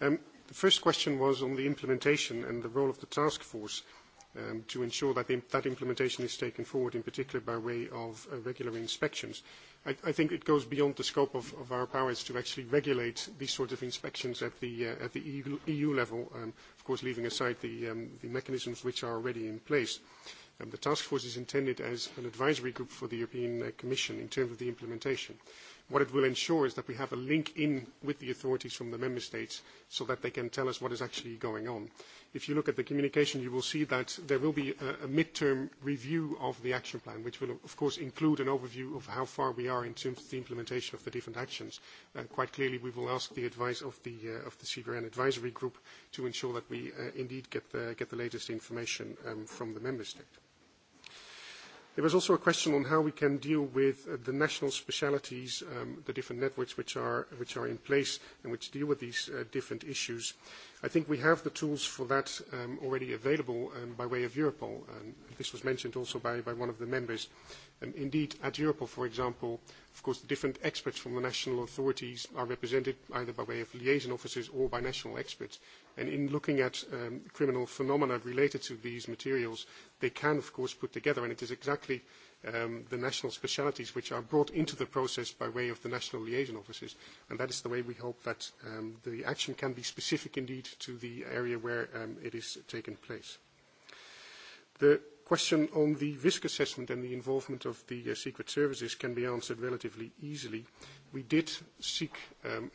Um, the first question was on the implementation and the role of the task force um, to ensure that the, that implementation is taken forward, in particular by way of uh, regular inspections. Uh, I, I think it goes beyond the scope of, our powers to actually regulate these sorts of inspections at the, at the EU, level, of course leaving aside the, mechanisms which are already in place. the task force is intended as an advisory group for the European Commission in terms of the implementation. What it will ensure is that we have a link in with the authorities from the member states so that they can tell us what is actually going on. If you look at the communication, you will see that there will be a, a midterm review of the action plan, which will, of course, include an overview of how far we are in terms of the implementation of the different actions. Uh, quite clearly, we will ask the advice of the, uh, of the CBRN advisory group to ensure that we uh, indeed get the, get the latest information um, from the member state. There was also a question on how we can deal with the national specialities, the different networks which are in place and which deal with these different issues. I think we have the tools for that um, already available um, by way of Europol. Um, this was mentioned also by, by one of the members. Um, indeed, at Europol, for example, of course, the different experts from the national authorities are represented either by way of liaison officers or by national experts. And in looking at um, criminal phenomena related to these materials, they can, of course, put together. And it is exactly the national specialities which are brought into the process by way of the national liaison offices. And that is the way we hope that the action can be specific indeed to the area where it is taking place. The question on the risk assessment and the involvement of the Secret Services can be answered relatively easily. We did seek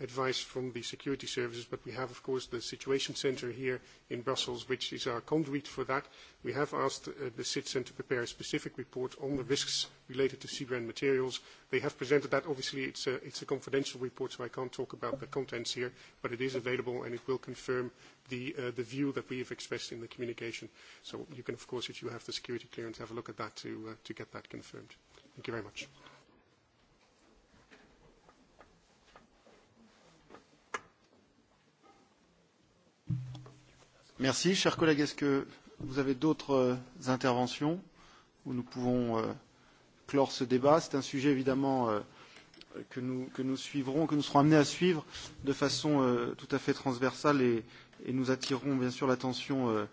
advice from the security services, but we have, of course, the Situation Centre here in Brussels, which is our conduit for that. We have asked the CITSEN to prepare a specific report on the risks related to seabrand materials. They have presented that. Obviously, it's a confidential report, so I can't talk about the contents here, but it is available, and it will confirm the, view that we have expressed in the communication. So you can, of course, if you have the security clearance, have a look at that to, uh, to get that confirmed. Thank you very much. Merci. Chers collègues, est-ce que vous avez d'autres interventions où nous pouvons clore ce débat C'est un sujet évidemment que nous, que nous suivrons, que nous serons amenés à suivre de façon tout à fait transversale et, et nous attirons bien sûr l'attention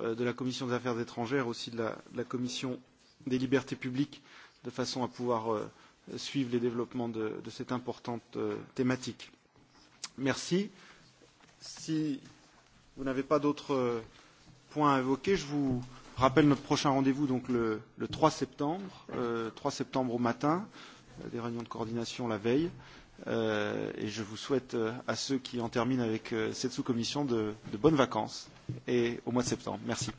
de la commission des affaires étrangères, aussi de la, de la commission des libertés publiques, de façon à pouvoir suivre les développements de, de cette importante thématique. Merci. Si vous n'avez pas d'autres points à évoquer, je vous rappelle notre prochain rendez-vous donc le, le 3 septembre, euh, 3 septembre au matin, des réunions de coordination la veille et je vous souhaite à ceux qui en terminent avec cette sous-commission de, bonnes vacances et au mois de septembre. Merci.